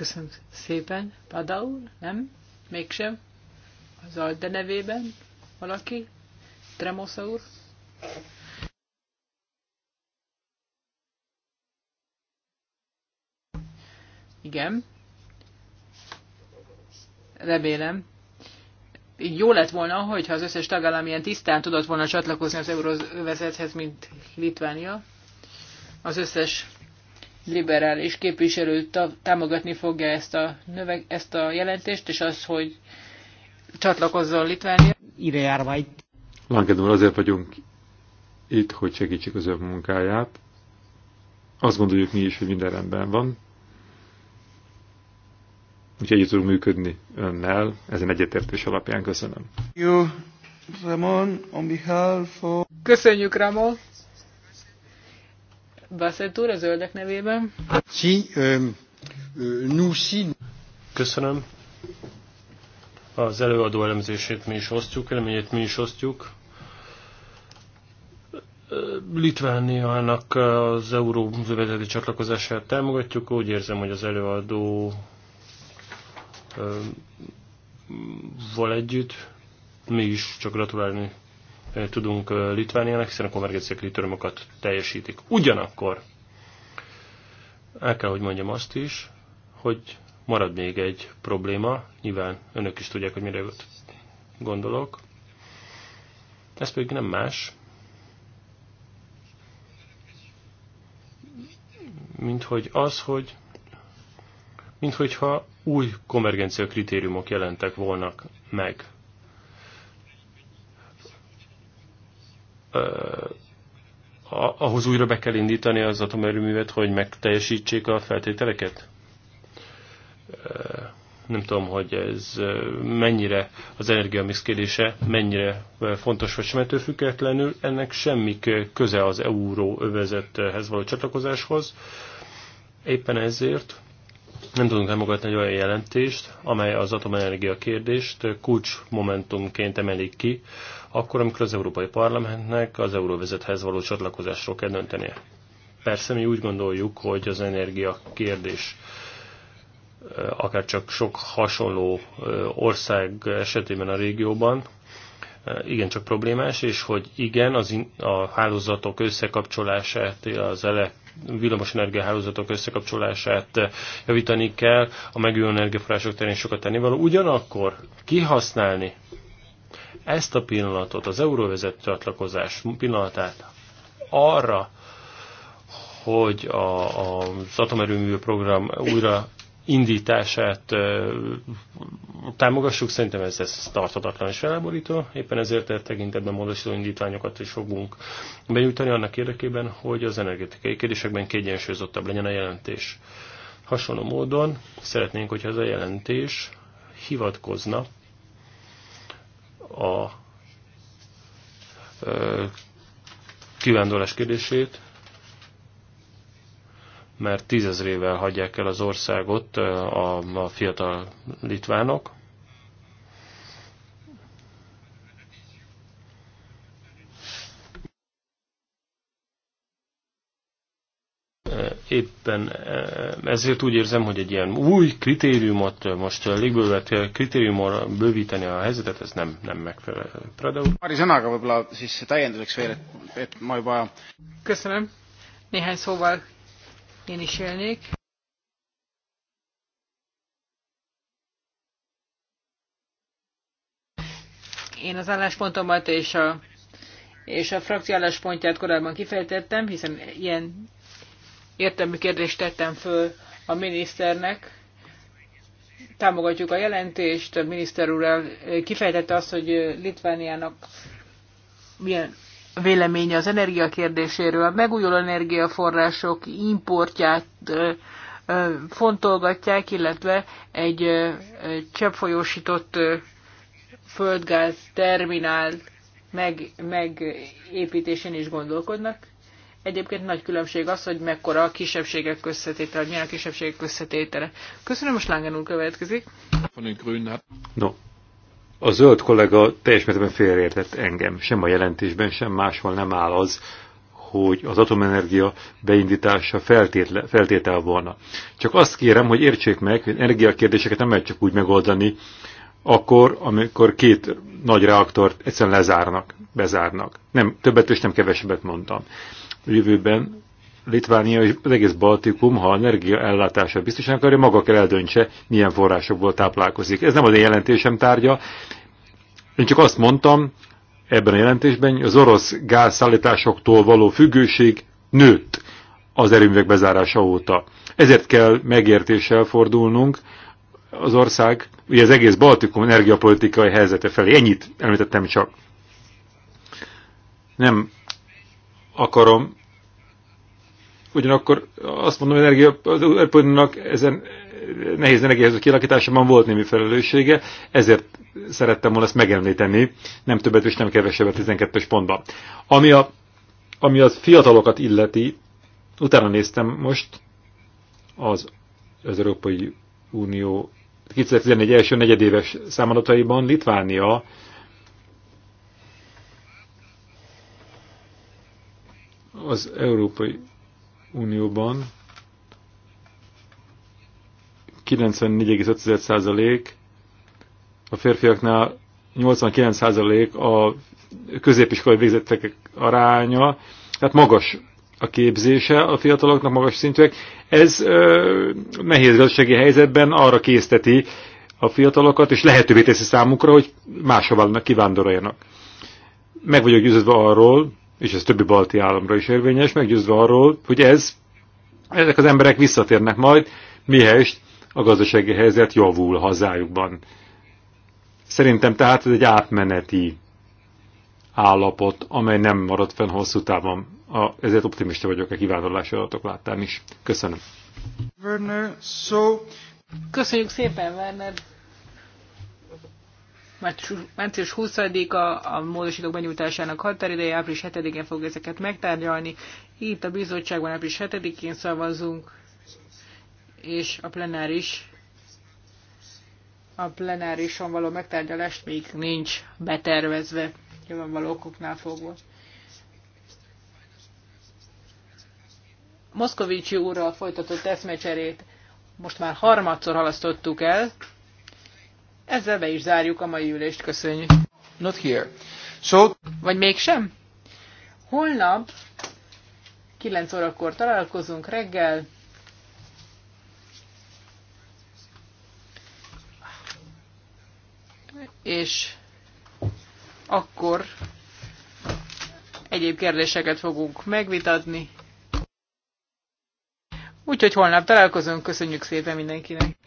Köszönöm szépen. Padaul? Nem? Mégsem? Az Alde nevében? Valaki? Tremosza úr? Igen. Remélem. Jó lett volna, hogyha az összes tagállam ilyen tisztán tudott volna csatlakozni az euróvezethez, mint Litvánia. Az összes liberális képviselő támogatni fogja ezt a, növeg, ezt a jelentést, és az, hogy csatlakozzon Litvánia ide Arbeit. azért vagyunk itt, hogy segítsük az ön munkáját. Azt gondoljuk mi is, hogy minden rendben van. Úgyhogy együtt tudunk működni önnel. Ezen egyetértés alapján köszönöm. Jó, Ramon, on behalf of... Köszönjük, Ramon! Beszélt úr, a zöldek nevében. Si, um, nous, si... Köszönöm, az előadó elemzését mi is osztjuk, eleményét mi is osztjuk. Litvániának az euróvezeti csatlakozását támogatjuk. Úgy érzem, hogy az előadó val együtt mi is csak gratulálni eh, tudunk eh, Litvániának, hiszen a konvergenciák kritériumokat teljesítik. Ugyanakkor el kell, hogy mondjam azt is, hogy Marad még egy probléma, nyilván önök is tudják, hogy mire gondolok. Ez pedig nem más, mint hogy az, hogy mint hogyha új konvergencia kritériumok jelentek volna meg. ahhoz újra be kell indítani az atomerőművet, hogy megteljesítsék a feltételeket? nem tudom, hogy ez mennyire az energiamix kérdése, mennyire fontos vagy sem, függetlenül ennek semmi köze az euró övezethez való csatlakozáshoz. Éppen ezért nem tudunk elmogatni egy olyan jelentést, amely az atomenergia kérdést kulcsmomentumként emelik ki, akkor, amikor az Európai Parlamentnek az euróvezethez való csatlakozásról kell döntenie. Persze mi úgy gondoljuk, hogy az energia kérdés akár csak sok hasonló ország esetében a régióban, igen csak problémás, és hogy igen, az a hálózatok összekapcsolását, az ele villamosenergia hálózatok összekapcsolását javítani kell, a megújuló energiaforrások terén sokat tennivaló. Ugyanakkor kihasználni ezt a pillanatot, az euróvezet csatlakozás pillanatát arra, hogy a, a, az atomerőmű program újra indítását támogassuk, szerintem ez, ez tartatatlan és feláborító, éppen ezért e tekintetben módosító indítványokat is fogunk benyújtani annak érdekében, hogy az energetikai kérdésekben kiegyensúlyozottabb legyen a jelentés. Hasonló módon szeretnénk, hogyha ez a jelentés hivatkozna a kivándorlás kérdését mert tízezrével hagyják el az országot a, a fiatal litvánok. Éppen ezért úgy érzem, hogy egy ilyen új kritériumot, most légből vett kritériumra bővíteni a helyzetet, ez nem, nem megfelelő. Predau. Mari Zanaga, võib-olla siis täienduseks veel, et, et ma juba... Köszönöm. Néhány szóval én is élnék. Én az álláspontomat és a, és a frakció álláspontját korábban kifejtettem, hiszen ilyen értelmű kérdést tettem föl a miniszternek. Támogatjuk a jelentést, a miniszter úr kifejtette azt, hogy Litvániának milyen véleménye az energia kérdéséről, a megújuló energiaforrások importját fontolgatják, illetve egy cseppfolyósított földgáz terminál meg, megépítésén is gondolkodnak. Egyébként nagy különbség az, hogy mekkora a kisebbségek összetétele, milyen a kisebbségek összetétele. Köszönöm, most Lángen úr következik. No, a zöld kollega teljes mértékben félreértett engem. Sem a jelentésben, sem máshol nem áll az, hogy az atomenergia beindítása feltétle, feltétel volna. Csak azt kérem, hogy értsék meg, hogy energiakérdéseket nem lehet csak úgy megoldani, akkor, amikor két nagy reaktort egyszerűen lezárnak, bezárnak. Nem, többet és nem kevesebbet mondtam. A jövőben Litvánia és az egész Baltikum, ha energia ellátása biztosan akarja, maga kell eldöntse, milyen forrásokból táplálkozik. Ez nem az én jelentésem tárgya. Én csak azt mondtam ebben a jelentésben, hogy az orosz gázszállításoktól való függőség nőtt az erőművek bezárása óta. Ezért kell megértéssel fordulnunk az ország, ugye az egész Baltikum energiapolitikai helyzete felé. Ennyit említettem csak. Nem akarom Ugyanakkor azt mondom, hogy energia, az Európának ezen nehéz energiához kialakításában volt némi felelőssége, ezért szerettem volna ezt megemlíteni, nem többet és nem kevesebbet 12-es pontban. Ami a, ami a fiatalokat illeti, utána néztem most az, az Európai Unió 2014 első negyedéves számadataiban Litvánia az Európai Unióban 94,5% a férfiaknál 89% a középiskolai végzettek aránya, tehát magas a képzése a fiataloknak, magas szintűek. Ez ö, nehéz gazdasági helyzetben arra készteti a fiatalokat, és lehetővé teszi számukra, hogy máshova kivándoroljanak. Meg vagyok győződve arról, és ez többi balti államra is érvényes, meggyőzve arról, hogy ez, ezek az emberek visszatérnek majd, mihez a gazdasági helyzet javul hazájukban. Szerintem tehát ez egy átmeneti állapot, amely nem marad fenn hosszú távon. A, ezért optimista vagyok a kivándorlási adatok láttán is. Köszönöm. Werner, so... Köszönjük szépen, Werner március 20-a a módosítók benyújtásának határideje, április 7-én fog ezeket megtárgyalni. Itt a bizottságban április 7-én szavazunk, és a plenáris a plenárison való megtárgyalást még nincs betervezve, nyilvánvaló okoknál fogva. Moszkovicsi úrral folytatott eszmecserét most már harmadszor halasztottuk el, ezzel be is zárjuk a mai ülést, köszönjük. Not here. So... Vagy mégsem? Holnap 9 órakor találkozunk reggel. És akkor egyéb kérdéseket fogunk megvitatni. Úgyhogy holnap találkozunk, köszönjük szépen mindenkinek!